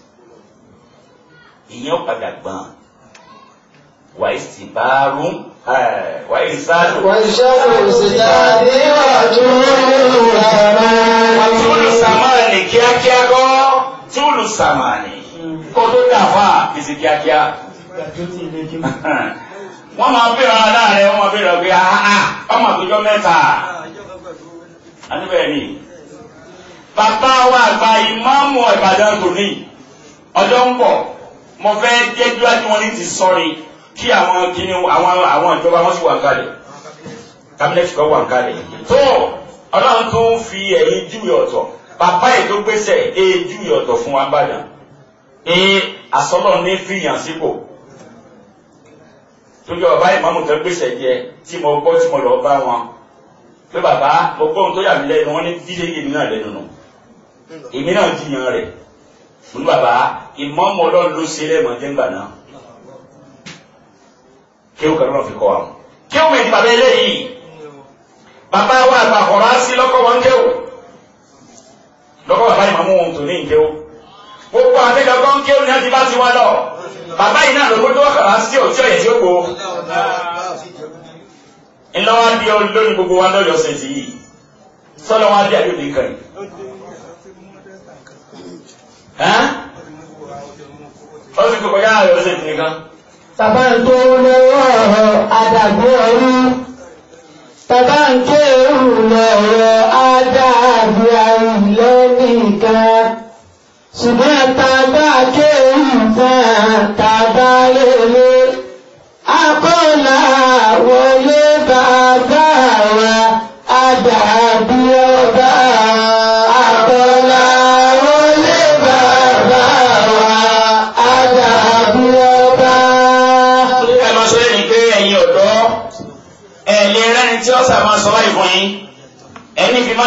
ìyẹn padà gbọ́n wàyí sì bá rún wàyí sáàlù. wàyí sáàlù sì dáadé àtúrò sàmà. àtúrò sàmà ní kíákíá kọ́ túlù sàmà ní kó tó dà fún àbísí kíákíá. wọ́n máa bèèrè ọ̀rọ̀ láàrin wọ́n máa bèèrè ọ̀gbẹ́ ah, ah, ah, ọmọ àtòjọ́ mẹ́ta àníbẹ̀rẹ̀ ni bàbá wa àgbà ìmáàmù Ìbàdàn kò ní ọjọ́ ń bọ̀ mo fẹ́ jẹ́jú àti wọn ní ti sọrin kí àwọn kíni àwọn àwọn ìjọba wọn sì wà kalẹ̀ kábínẹ̀tì kan wà kalẹ̀ tó ọlọ́run tó ń fi ẹ̀yìn júwe ọ̀tọ̀ bàbá yìí tó gbéṣẹ̀ èyí júwe ọ̀tọ̀ fún wa gbàdàn ee àsọlọ́ ní fìyàn sípò tó yọ bàbá ìmáàmù tó gbéṣẹ̀ jẹ tí mo gbọ́ tí mo lọ bá wọn pé bàbá mo gbọ́ ohun tó yà mí lẹ́nu wọ́n ní dídé èmi náà lẹ́nu nù èmi náà jiyàn rẹ̀ mo ní bàbá ìmọ̀ọ́mọ́ ọlọ́run ló ṣe lẹ́mọ̀ jẹ́ ńgbà náà kéwù kan náà fi kọ́ àwọn kéwù mi ti bàbá eléyìí bàbá wa àgbà kọ̀ọ̀rọ̀ á sí lọ́kọ̀ wọn kéwù lọ́kọ̀ bàbá ìmọ̀ọ́mọ́ ohun tó ní O gbogbo àtẹ́jọ kan kí ó ní ọdí bá ti wá lọ bàbá yìí náà ló gbogbo ọkọ̀ sí òtí ọ̀yẹ̀ tí ó gbò iná wá bí lórí gbogbo wa lọ́yọ̀ ṣe ti yìí sọ́lọ́ wá bí àdúgbò nìkan yìí. ó sì kókó yára lọ́yọ̀ ṣe ti nìkan. bàbá ń tó lọ́wọ́ àdàgbò ọ̀rú bàbá ń ké òrù lọ́rọ̀ àdàgbò àrùn lọ́nìkan ṣùgbọ́n tàbá ké òrù tàbá lélẹ̀ akọ́là wọlé.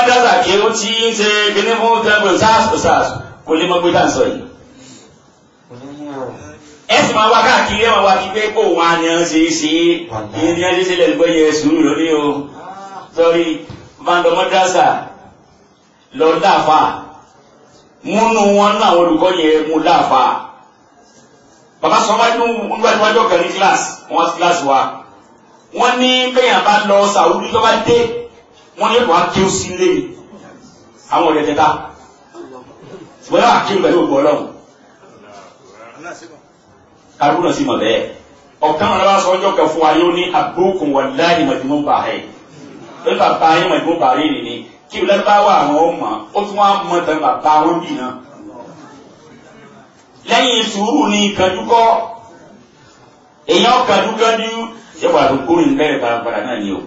dára kí ó ti ń ṣe kíní fún tẹ́gbọ̀n sars sars kò lè mọ gbé dá sọ yìí. ẹ sì máa wá káàkiri ẹ máa wá kí pé kó wọn ni wọn ṣe é ṣe é ní ẹ ṣe é ṣe lẹ́nu pé yẹ sùúrù lórí o sọrí vandomọdásà lọ dáfà múnú wọn náà àwọn olùkọ́ yẹ mú dáfà bàbá sọmọdé níwájú ọkàn ní kíláàsì wọn kíláàsì wa wọn ní bẹ́ẹ̀ yàn bá lọ sàwùdí tó bá dé wọ́n ní wàá kí ó sí lé àwọn ọ̀rẹ́ tẹ́ta ṣùgbọ́n náà kí n pẹ̀lú ògbọ́ ọlọ́run kálukú náà sì mọ̀ bẹ́ẹ̀ ọ̀kan àwọn aláṣọ ọjọ́ kan fún wa yóò ní àbúkùn wà láì mọ̀jùmọ́ bà ẹ̀ lórí bàbá yín mọ̀jùmọ́ bà rí nìyí kí wọ́n bá wà àwọn ọmọ ó tún wá mọ̀ tán bàbá wọn bì náà lẹ́yìn sùúrù ni kàdúkọ́ èèyàn kàdúkọ́ ní ṣé wàá lóko ìlú bẹ́ẹ̀ bá padà náà ni o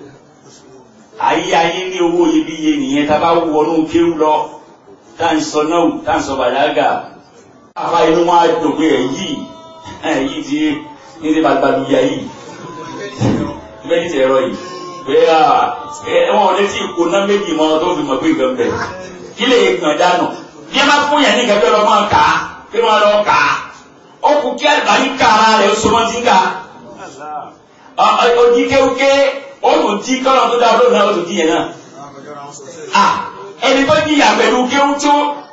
ayé ayé ní owó iyebíye nìyẹn tá a bá wọnú kéwú lọ tá à ń sọ náà tá à ń sọ bàdágà àbá inú wọn á dùn pé ẹ yìí ẹ yìí ti ní ti balùbalù yà yìí bẹ́ẹ̀ ní tẹ̀rọ yìí bẹ́ẹ̀ ẹ wọn létí ipò náà méjì mọ́ tó fi mọ̀ pé nǹkan bẹ̀ kí lè gbọ̀n dànù bí ẹ bá fún yàn ní kẹfẹ́ lọ́mọ kà á kí wọ́n lọ kà ó kù kí àlùbáyé kà á rẹ̀ ó so mọ́ ti ń kà á ojú kéwké ó tún di kọ́lọ́ tó dá olóòrùn náà ó tún di yẹn náà. à ẹni tó jìyà pẹ̀lú kéwú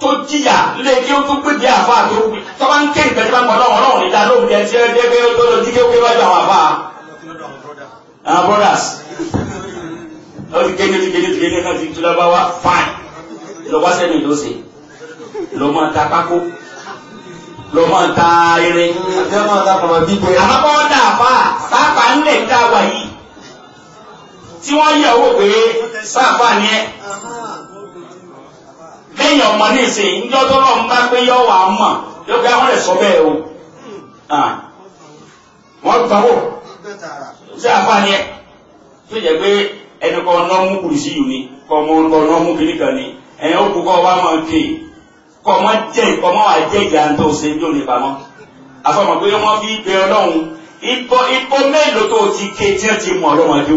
tó jìyà lé kéwú tó gbé di àfa tó tọ́ba ń ké ìgbẹ́ tí wọ́n gbọ́ lọ́wọ́ náà níta lóhùn jẹ́ tiẹ́ dé pé ó lọ di kéwú kéwú àwọn àfa. àwọn brothers ó ti kéde ti kéde ti kéde náà ti tula bá wa fine lọ wá sẹ́ni ló ṣe lọ máa ta pákó lọ máa ta irin. ǹjẹ́ máa ta pàmò bíbẹ. àmọ́ bọ́ dà fà sápà ńlẹ̀ ń dá wa tí wọ́n yẹ̀ wò pé sáàfà ni ẹ́ lẹ́yìn ọmọ ní ìsìn ńjọ́ tó lọ́n bá pé yọ wà á mọ̀ yóò gbé àwọn ẹ̀sọ́ bẹ́ẹ̀ o wọ́n gbà wò sáàfà ni ẹ́ tó jẹ́ pé ẹni kọ́ ọ̀nà mú kùrìsì yìí ni kọ́ ọmọ ọ̀nà mú kìnnìkan ni ẹ̀yìn ó kú kọ́ wa máa ké kọ́ ọmọ jẹ́ ìkọ́mọ́ wa jẹ́ ìgbàntọ́ ṣe ń dóni pamọ́ àfọmọ́ pé wọ́n fi bẹ ọlọ́run ìbọ mélòó tó ti ké tí wọ́n ti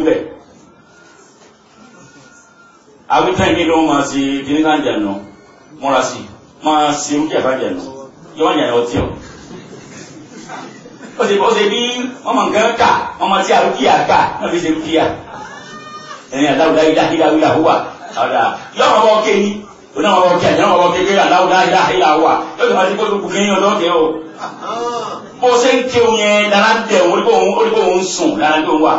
awitán yìí ló ń máa ṣe kíníkà ń jànà múra sí máa ṣe oúnjẹ bá jànà yóò yàn ọtí ọ. ó ṣe ó ṣe bí ọmọ nǹkan kà ọmọ tí a rúkìá kà náà fi ṣe rúkìá ẹ̀yin aláwùdá yìí dáhìí dáhìí dáhìí wà àwùdá yóò máa bọ́ ké ní oní àwọn ọkẹ àjẹ́ àwọn ọkẹ kékeré aláwùdá yìí dáhìí dáhìí wà yóò tó máa ṣe kó dùkú kéyìn ọlọ́kẹ́ o. bó ṣe ń ké òun yẹn dáná dẹ̀ òun ó dìbò òun sùn dáná dẹ̀ òun wà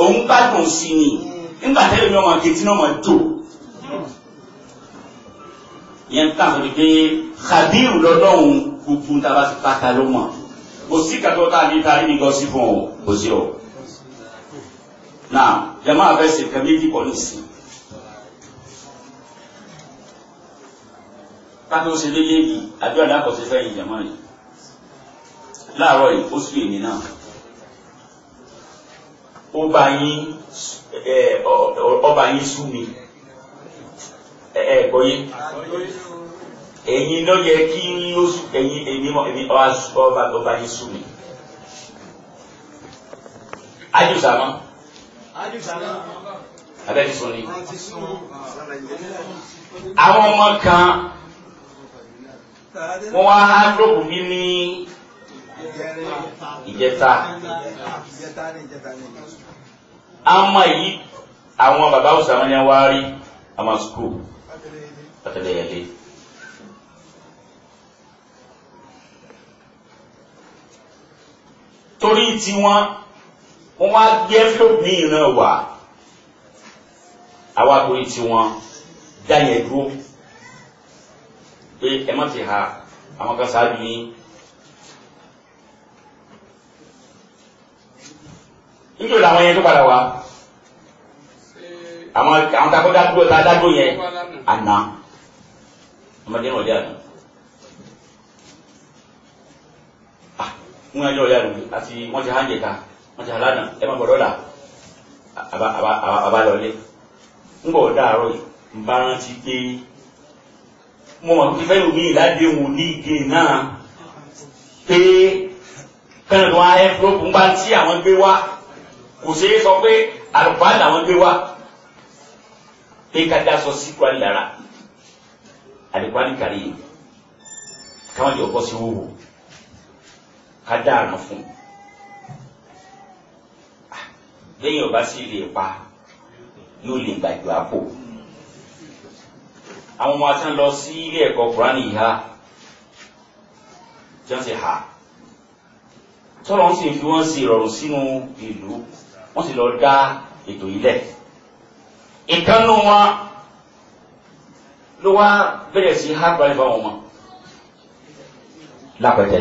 òun gbádùn sí ni nígbà tẹ́lẹ̀ ní ọmọ akéetí náà máa jò yẹn tán àti pé khabiru lọ́dọ̀ọ̀hún gbogbo ń taba pátá ló mọ̀ kò sí kàtó tá a ní tarí ní gọ́sí fún ọ kò sí ọ. na jama abẹ́ sè kàmí kí kọ́ ní sí. kátó ṣe méjèèjì àdúrà dákọ̀ ṣe fẹ́ yìí jama yìí láàárọ̀ yìí ó sì èmi náà ọba yín ọba yín sú mi ẹ gbọ́ yé ẹ̀yin ló yẹ kí ló sú ẹ̀yin èmi èmi ọba ọba yín sú mi. ajúsàmọ́ abẹ́rẹ́ sọ ni àwọn ọmọ kan wọ́n á dọ̀bù mí ìjẹta ama yìí àwọn bàbá òsà wọn yẹn wáá rí àmà skul pàtàkìyẹlé torí tiwọn wọn wá gbé fúlọ́ọ̀bù yìí náà wá àwa torí tiwọn dá yẹn dúró pé ẹ má ti ha àwọn kan sáájú yín. nítorí làwọn yẹn tó padà wá àwọn àwọn takọ dádúró tá a dádúró yẹn àná ọmọdé náà ọdẹ àná wọn yẹn ọdẹ àná àti wọn ti hàn jẹta wọn ti hàn lánàá ẹ má gbọ́dọ̀ là abalọlé ń bọ̀ dáàrọ̀ ń bá rántí pé mo mọ̀ pé fẹ́rù mi ìlàdé òun ní igi náà pé kẹ́rin wá ẹ́ ń bá tí àwọn gbé wá kò ṣeé sọ pé àlùfáà làwọn gbé wá pé ká dá sọ sí kwari lára àlùfáà ní kàrí yìí káwọn jọ bọ́ sí wòwò ká dá àrùn fún lẹ́yìn ah, ọba sí lè pa yóò lè gbàjọ àpò àwọn ọmọ atán lọ sí ilé ẹ̀kọ́ kúránì ìhà tí wọ́n ti hà tọ́lọ́ ń sì fi wọ́n sí ìrọ̀rùn sínú ìlú wọ́n sì lọ dá ètò yìí lẹ̀. ìkànnù wọn ló wá bẹ̀rẹ̀ sí hardware fáwọn ọmọ lápẹtẹ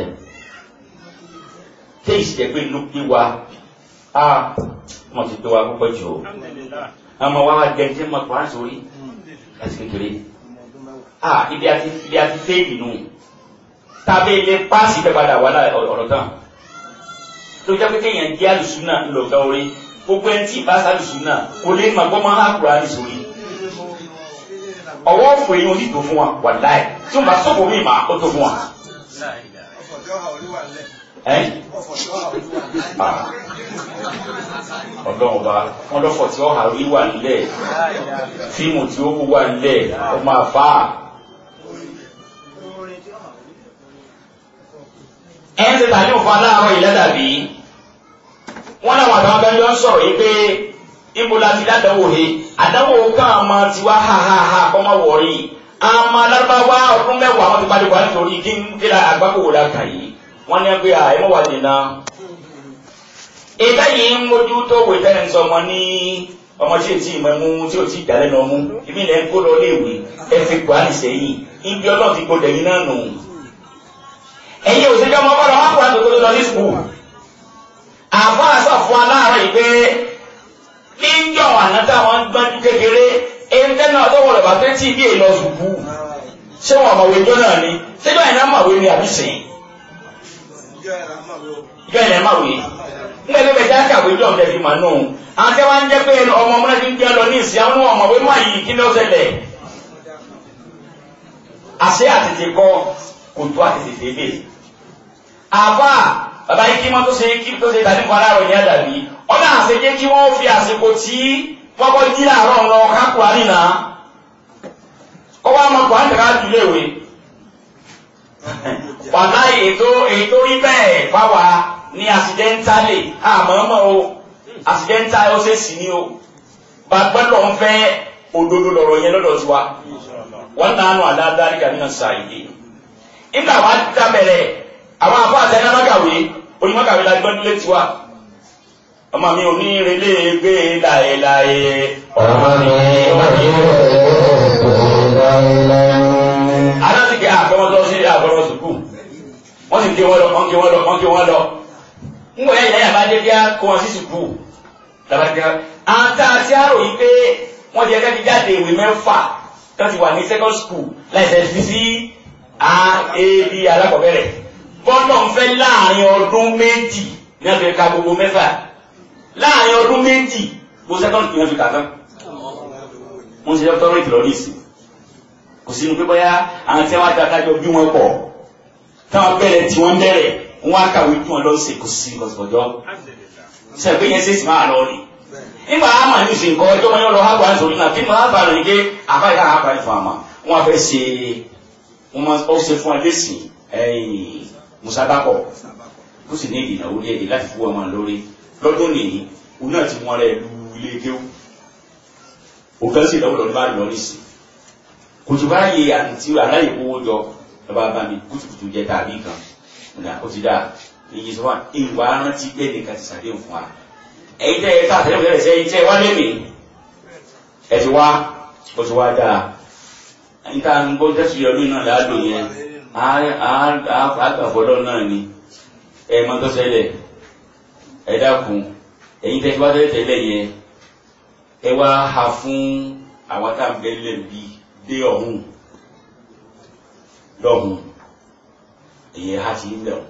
téèsì jẹ pé ló gbé wa a wọn ti gbé wa púpọ̀ jù o àmọ́ wa gẹ̀ jẹ́ mọ̀ pa sórí hmm. láti kékeré a ibi àti ibi àti fèèlì nù tàbí ilé páàsì bẹ́ẹ̀ padà wà láì ọ̀rọ̀ tán ló jẹ́ pé kéèyàn jẹ́ àlùsùn náà ńlọgá orí gbogbo ẹni tí ìbáṣà lù sùn náà kò lè má gbọ́ máa ń kúrò ní sórí. ọwọ́ fún eyín oní tó fún wa wà láì tí wọ́n bá sọ̀kò mí mà ó tó fún wa. ọlọ́run bá wọn lọ́fọ̀ tí ọ̀hà rí wà nílẹ̀ fíìmù tí ó wù wà nílẹ̀ ọmọ àbá. ẹ̀ ń ṣe tàbí òfin aláàárọ̀ yìí lẹ́dàbí wọ́n làwọn àtàwọn abẹ́jọ́ ń sọ̀rọ̀ yìí pé ibo la ti dádáwò he àdáwò kan àmọ́ tiwa hahaha kọ́ máa wọ̀ rí àmọ́ alárúbáwá ọdún mẹ́wàá wọ́n ti parí wà nítorí kí n kí la àgbákò wò la kà yìí wọ́n ní pé ẹ mọ̀ wà dènà. ìta yìí ń mójú tó wò ìtẹ́lẹ̀ ń sọ ọmọ ní ọmọ tí ò tí ì mọ̀mú tí ò tí ì dálẹ́ nà ọmú ìbí ilẹ̀ ń kó lọ léèwé ẹ fi gbà ní ibi ọlọ́run ti gbọdọ̀ yín náà nù. ẹ̀yin òṣèjọ́ àbá àsọ̀fún aláàárọ̀ yìí pé níjọ́ àná táwọn ń gbọ́njú kékeré ẹ̀ńtẹ́ náà tó wọlé bàtẹ́ tí ibi èèlọ sùkú ṣé wọn àmọ̀wé ijó náà ni síjọ́ ìná màwé ni àbí sìn ìjọ ìná màwé nígbà tó bẹ̀jẹ̀ àkàwé jọ̀ ọ̀dẹ̀ fi màá nù àti wọn jẹ́ pé ọmọ ọmọ náà ti ń lọ ní ìsìn àwọn ọmọwé má yìí kí ló ṣẹlẹ̀ àṣẹ àtètè kọ kò tó àtètè débè bàbá yìí kí wọ́n tó ṣe kí tó ṣe dàbí kan láàrọ̀ yẹn dàbí wọ́n náà ṣe jẹ́ kí wọ́n fi àsìkò tí wọ́n kọ́ jí làárọ̀ lọ kákùrá nìna kó wá mọ kùrá nìkan jù léwe wàhálà ètò ètò rí bẹ́ẹ̀ fáwa ní àṣìdẹ́ntálè àmọ́mọ́ o àṣìdẹ́ntá ó ṣe sì ní o bàbá lọ ń fẹ́ òdodo lọ̀rọ̀ yẹn lọ́dọ̀ tiwa wọ́n náà nù àdáadáa nígbà mìíràn àwọn àbá àtẹnà mọ́kàwé onímọ́kàwé la gbọ́dún létí wa ọmọ mi ò ní relé gbé láéláé ọmọ mi ọmọ mi ò láéláé. aláǹtí kí àgbẹ̀wọ́n sí àgbẹ̀wọ́n sùkúù wọ́n sì gé wọ́n lọ wọ́n gé wọ́n lọ wọ́n gé wọ́n lọ. ń wọ̀ ẹ̀yìn lẹ́yìn àbájẹ́ bí a kó wọn sí sùkúù labajẹ́ àǹtá àti àrò yìí pé wọ́n jẹ́ kẹ́kẹ́ jáde ìwé mẹ́fà tó ti wà ní second school láìsẹ̀ sí sí a a b alákọ̀ọ́bẹ̀rẹ̀ bọ́lọ̀ ń fẹ́ láàrin ọdún méjì ní afẹ́ka gbogbo mẹ́fà láàrin ọdún méjì bó sẹ́kọ̀ndì kìí wọ́n fi kà tán wọ́n ń ṣe dọ́kítọ́rọ̀ ìtìlọ́ ní ìsìn kò sínú pé bóyá àwọn tí wọ́n á dáadáa jọ bí wọ́n pọ̀ táwọn bẹ̀rẹ̀ tí wọ́n bẹ̀rẹ̀ wọ́n á kàwé bí wọ́n lọ sí kò sí kọ̀sìkọ̀jọ́ sẹ́pé yẹn ṣe sì máa lọ ni nígbà á mà ní ìsìn kọ́ ọjọ́ wọn yóò lọ hágbà nítorí náà kí wọ́n á bàrọ̀ ní pé àbá ìlànà àbá musabakọ ó sì ní ìnáwó díẹ̀ díẹ̀ láti fún ọmọ lórí lọ́dún nìyí òun náà ti wọ́n rẹ̀ lu ilé kéwù òkan sì lọ́wọ́ lọ́dún bá lọ rí sí kùtù bá yẹ àti aláyè kówó jọ lọ́ba bá mi kùtùkùtù jẹ tàbí kan ọ̀nà ah, ó ti dà èyí sọ wọn ìwà rántí pé nìkan ti sàdéhùn fún wa ẹ̀yin tẹ́ ẹ ká àtẹ̀lẹ́ òkèlè sẹ́yìn tẹ́ wá lé mi ẹ̀ ti wá ó ti wá dáa níta ń gbọ́ ọdún náà láàlú yẹn àgbàfọ́lọ́ náà ni ẹ mọ tó ṣẹlẹ̀ ẹ dákun ẹ̀yin tẹ́ bá tẹ́lẹ̀ tẹ́lẹ̀ yẹn ẹ wá ha fún àwọn tá à ń bẹ́lẹ̀ bí dé ọ̀hún lọ́hùn èyí ha ti ń lẹ̀hún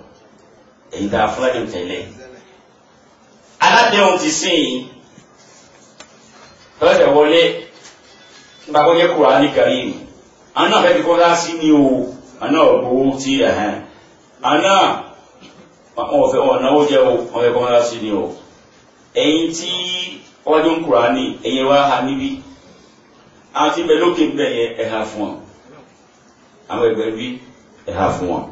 èyí tá a fúnlẹ̀ tẹ́lẹ̀ aládéhùn ti sìn tọ́lẹ̀ wọlé nígbà kó yẹ Kùránì Kárím àwọn náà fẹ́ fi kọ́ sí ni o. àná ọ̀gbowó tí ẹ̀hẹ́n àná wọn fẹ́ wọn o jẹ́ o wọn ni o eyin tí ọwájú ń ní wa ha níbí àti bẹ lókè ń bẹ yẹn ẹ̀ha fún wọn àwọn ẹgbẹ́ bí ẹ̀ha fún wọn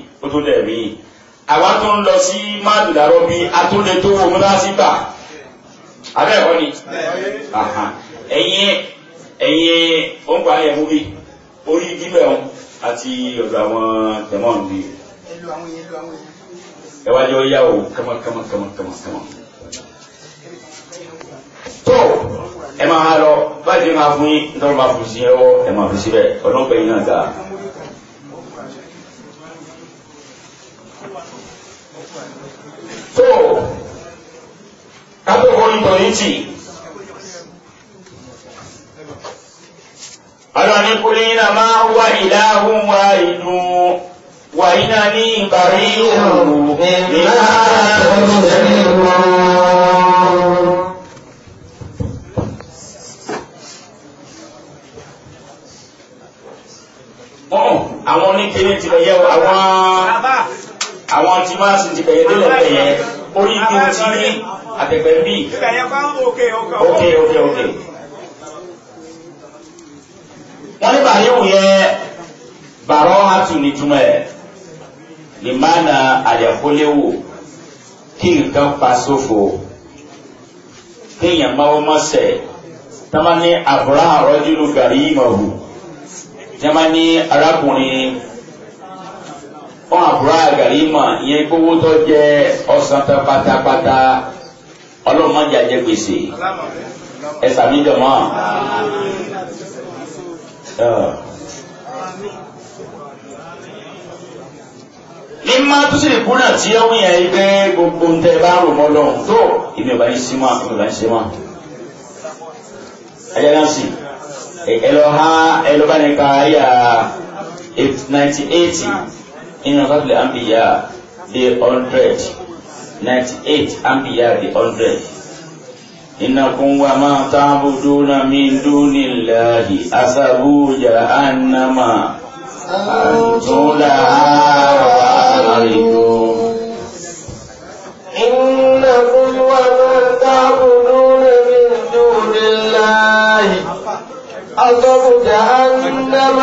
ibi yi àwa tó ń lọ sí máàlù dàrọ́ bí atúndé tó wọ mọ́láṣí gbà abẹ́ ẹ̀kọ́ ni ẹ̀yin ẹ̀yin òǹkà ẹ̀mú bí orí bíbẹ̀ ọ̀hún àti ọ̀dọ̀ àwọn tẹ̀mọ́ọ̀nù bí. ẹ wá jẹ́ ó yá o kama kama kama kama kama. tó ẹ máa lọ báyìí máa fún yín nítorí máa fún sí ẹ wọ ẹ máa fún síbẹ̀ ọlọ́pàá yín náà dáa. to abe holi to yiti alani kulina ma huwa ilahun wahidun wa ina ni bari'un mimma tushrikun àwọn oníkiri ti lọ yẹ àwọn àwọn tí máa sì ti bẹ̀yẹ délẹ̀ bẹ̀yẹ orí ibi tí ní àtẹ̀gbẹ̀ ń bì. òkè òkè òkè. wọ́n ní bàyẹ̀ wò yẹ bàrọ́ àtù nítumọ̀ ẹ̀ lè má na àyẹ̀kóléwò kí nǹkan pa sófo kéèyàn máa wọ́n sẹ̀ tọ́mọ́ àbúrò àrọ́jú ló gàrí ìmọ̀ hù tọ́mọ́ arákùnrin wọn àbúrò àgàrímà ìyẹn gbowó tó jẹ ọsàn tán pátápátá ọlọ́run má jẹ́ àjẹgbèsè ẹ sàmì jọmọ́ ní máa tó sì lè kú náà tí ọmọ yẹn gbé gbogbo ń tẹ bá rò mọ́ lọ́hùn tó ìmì ọ̀bá sí mọ́ ìmì ọ̀bá sí mọ́ ẹ̀yẹ́ náà sì ẹ lọ ha ẹ lọ bá ní ayà 1980 nínú fábílì ambiya di hundred ninety eight ambiya di hundred. إنكم وما تعبدون من دون الله أسبوا جهنم أنتم لها واردون إنكم وما تعبدون من دون الله حطب جهنم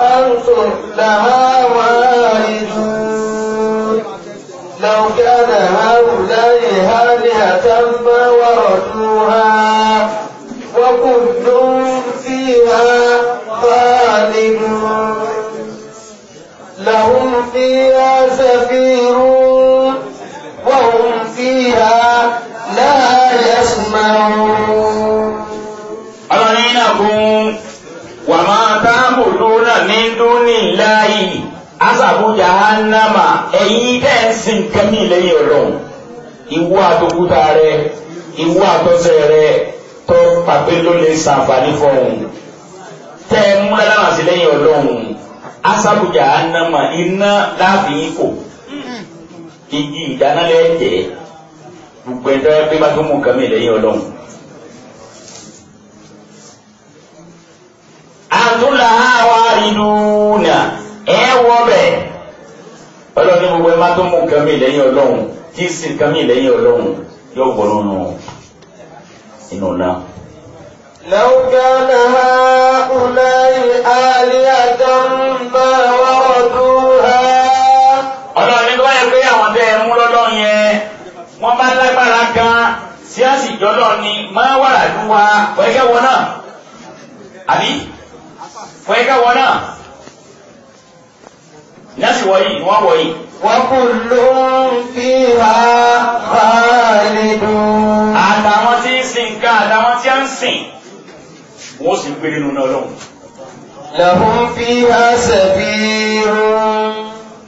أنصر لها واردون لو كان هؤلاء آلهة ما وردوها asabu jahannama ẹ̀yin tẹ́ ẹ sìn nǹkan mi lẹ́yìn Ọlọ́run ìwọ àtòkúta rẹ ìwọ àtọsẹ rẹ tó pàpẹ ló lè ṣàǹfààní fọhùn tẹ́ ẹ múra láwọn sí lẹ́yìn Ọlọ́run asabu jahannama iná láàfin kò igi ìdáná lẹẹjẹ gbogbo ẹjọ pé bá tó mú nǹkan mi lẹ́yìn Ọlọ́run. àtúnlá wa rí nu. ọlọ́run ní gbogbo ẹ tó mú nǹkan lẹ́yìn ọlọ́run tí í sin nǹkan lẹ́yìn ọlọ́run yóò wọ nínú inú náà. لو كان هؤلاء آلهة ما وردوها. ọlọ́run nígbà yẹn pé àwọn tẹ́ mú lọ́dọ̀ yẹn wọ́n bá lágbára kan tí a sì jọlọ ni máa wàrà lúwa fọ́ẹ́kẹ́ wọ náà àbí fọ́ẹ́kẹ́ wọ náà nọ́ọ̀sì wọ̀nyí ni wọ́n wọ̀nyí. wọ́n kò ló ń fi ha báyìí dùn. àtàwọn tí ń sin nǹkan àtàwọn tí ń sìn wọ́n sì ń péré nínú náà lọ́wọ́. làwọn fi ha ṣẹ̀bí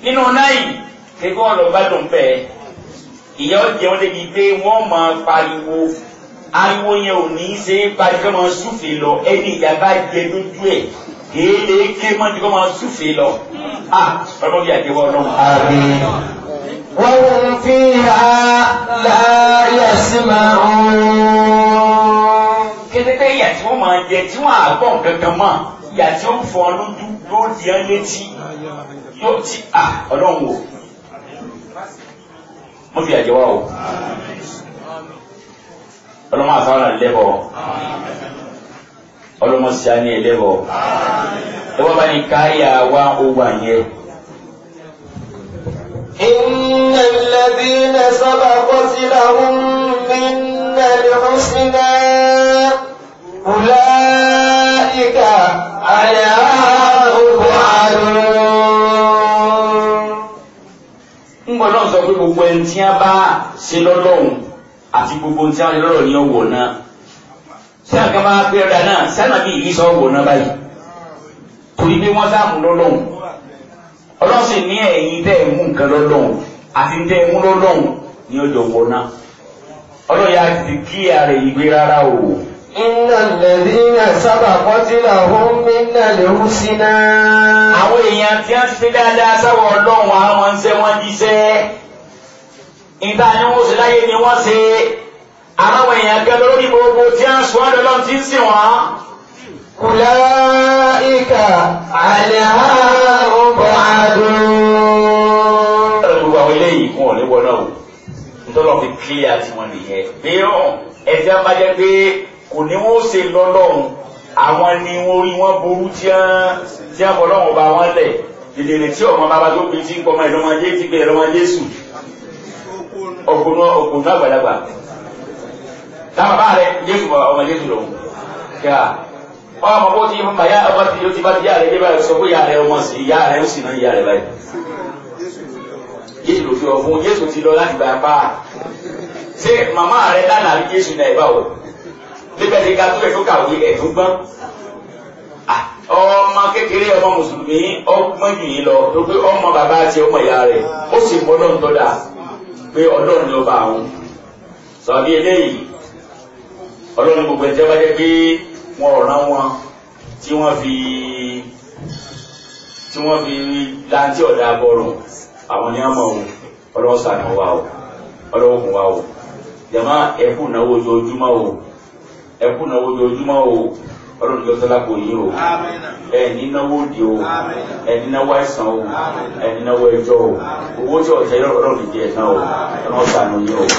nínú náà yìí kékeré ọ̀rọ̀ bá dùn bẹ́ẹ̀ ìyá ọ̀jẹ̀ wọn débi pé wọ́n máa pariwo ariwo yẹn ò ní í ṣe é parí kí wọ́n máa súfèé lọ ẹni ìyá bá jẹ lójú ẹ̀ kéèlé ké má ti kọ́ máa súfè lọ. a ọlọ́mọ bí àjẹwọ́ ọlọ́mọ. àmín. wọ́n ń fi ha láyà sí máa ń. kété ìyà tí wọ́n máa jẹ tí wọ́n àgbọ̀n kankan mọ́ ìyà tí ó ń fọ lójú ló di ẹ́ létí yóò ti à ọlọ́run wò. mo fi àjẹwọ́ o. ọlọ́mọ àfárá lẹ́bọ̀ ọlọmọsíà ní ẹlẹ́wọ̀ ẹ wọ́n bá ní káyà wá owó àyẹ. إن الذين سبقت لهم منا الحسنى أولئك عليها gbogbo ẹni tí a bá ṣe lọ́lọ́run àti gbogbo ẹni tí a lè lọ́rọ̀ ní ọ̀wọ̀ náà sí àkàbà pẹ́ẹ́rẹ́ náà sẹ́nàbí yìí sọ wò náà báyìí torí bí wọ́n sáàmù lọ́lọ́hùn ọlọ́sìn ní ẹ̀yìn tẹ́ ẹ̀ mú nǹkan lọ́lọ́hùn àti tẹ́ ẹ̀ mú lọ́lọ́hùn ní ọjọ́ wọ náà ọlọ́yà ti kí ààrẹ yìí gbé rárá o. iná lẹ́dí iná sábà kọ́tílà òun iná lẹ́hú síná. àwọn èèyàn tí wọ́n ti dáadáa sáwọ́ ọlọ́run àwọn ń ṣe wọ́n jíṣẹ́ ìta ni wọ́n ṣe láyé ni wọ́n ṣe é àwọn èèyàn gẹ lórí gbogbo tí a ń sọ ọ́dọ̀ lọ́n ti ń sìn wá. kùlá ìkà àlẹ́ ọgbà àdùn. ẹrù àwọn eléyìí fún ọ̀lẹ́ wọlé o nítorí wọn fi kílíà tí wọn nìyẹn. mìíràn ẹ̀sìn abájẹ́ pé kò ní ìdèrè tí ọmọ bàbá tó pin tí ń pọmọ ìlọmọdé ti gbé ìlọmọdé sùn ọkùnrin ọkùnrin àgbàlagbà láwọn bá rẹ jésù ọmọ jésù lòun yà wọn àmọ́ bó ti bá yá ọmọ ti yóò ti bá yá rẹ yé báyìí sọ pé yá rẹ ọmọ sí yá rẹ ó sì náà yá rẹ báyìí jésù ló fi ọ fún jésù ti lọ láti gba pa ṣé màmá rẹ dáná àbí jésù náà ẹ bá wọ níbẹ̀ ní ká tó lè tó kàwé ẹ̀dùn gbọ́n ọmọ kékeré ọmọ mùsùlùmí ọgbọ́n jù yín lọ tó pé ọmọ bàbá àti ọmọ ìyá rẹ̀ ó sì mọ́ lọ́n tọ́da pé ọlọ́run ló bá àwọn sọ bí eléyìí ọlọ́run gbogbo ẹ̀jẹ̀ bá jẹ́ pé wọ́n ọ̀ràn wọn tí wọ́n fi tí wọ́n fi láńtí ọ̀dà bọ̀rọ̀ àwọn ní àmọ́ òun ọlọ́wọ́ sànù wa o ọlọ́wọ́ kùn wa o jàmá ẹkú náwó ojoojúmọ́ o ẹkú náwó ojoojúmọ́ o ọlọ́run jọ sọ́lá kò yí o ẹni náwó òdì o ẹni náwó àìsàn o ẹni náwó ẹjọ́ o owó tí ọ̀sẹ̀ yọ̀rọ̀ ọlọ́run jẹ ẹ̀sán o ọlọ́run sànù yí o.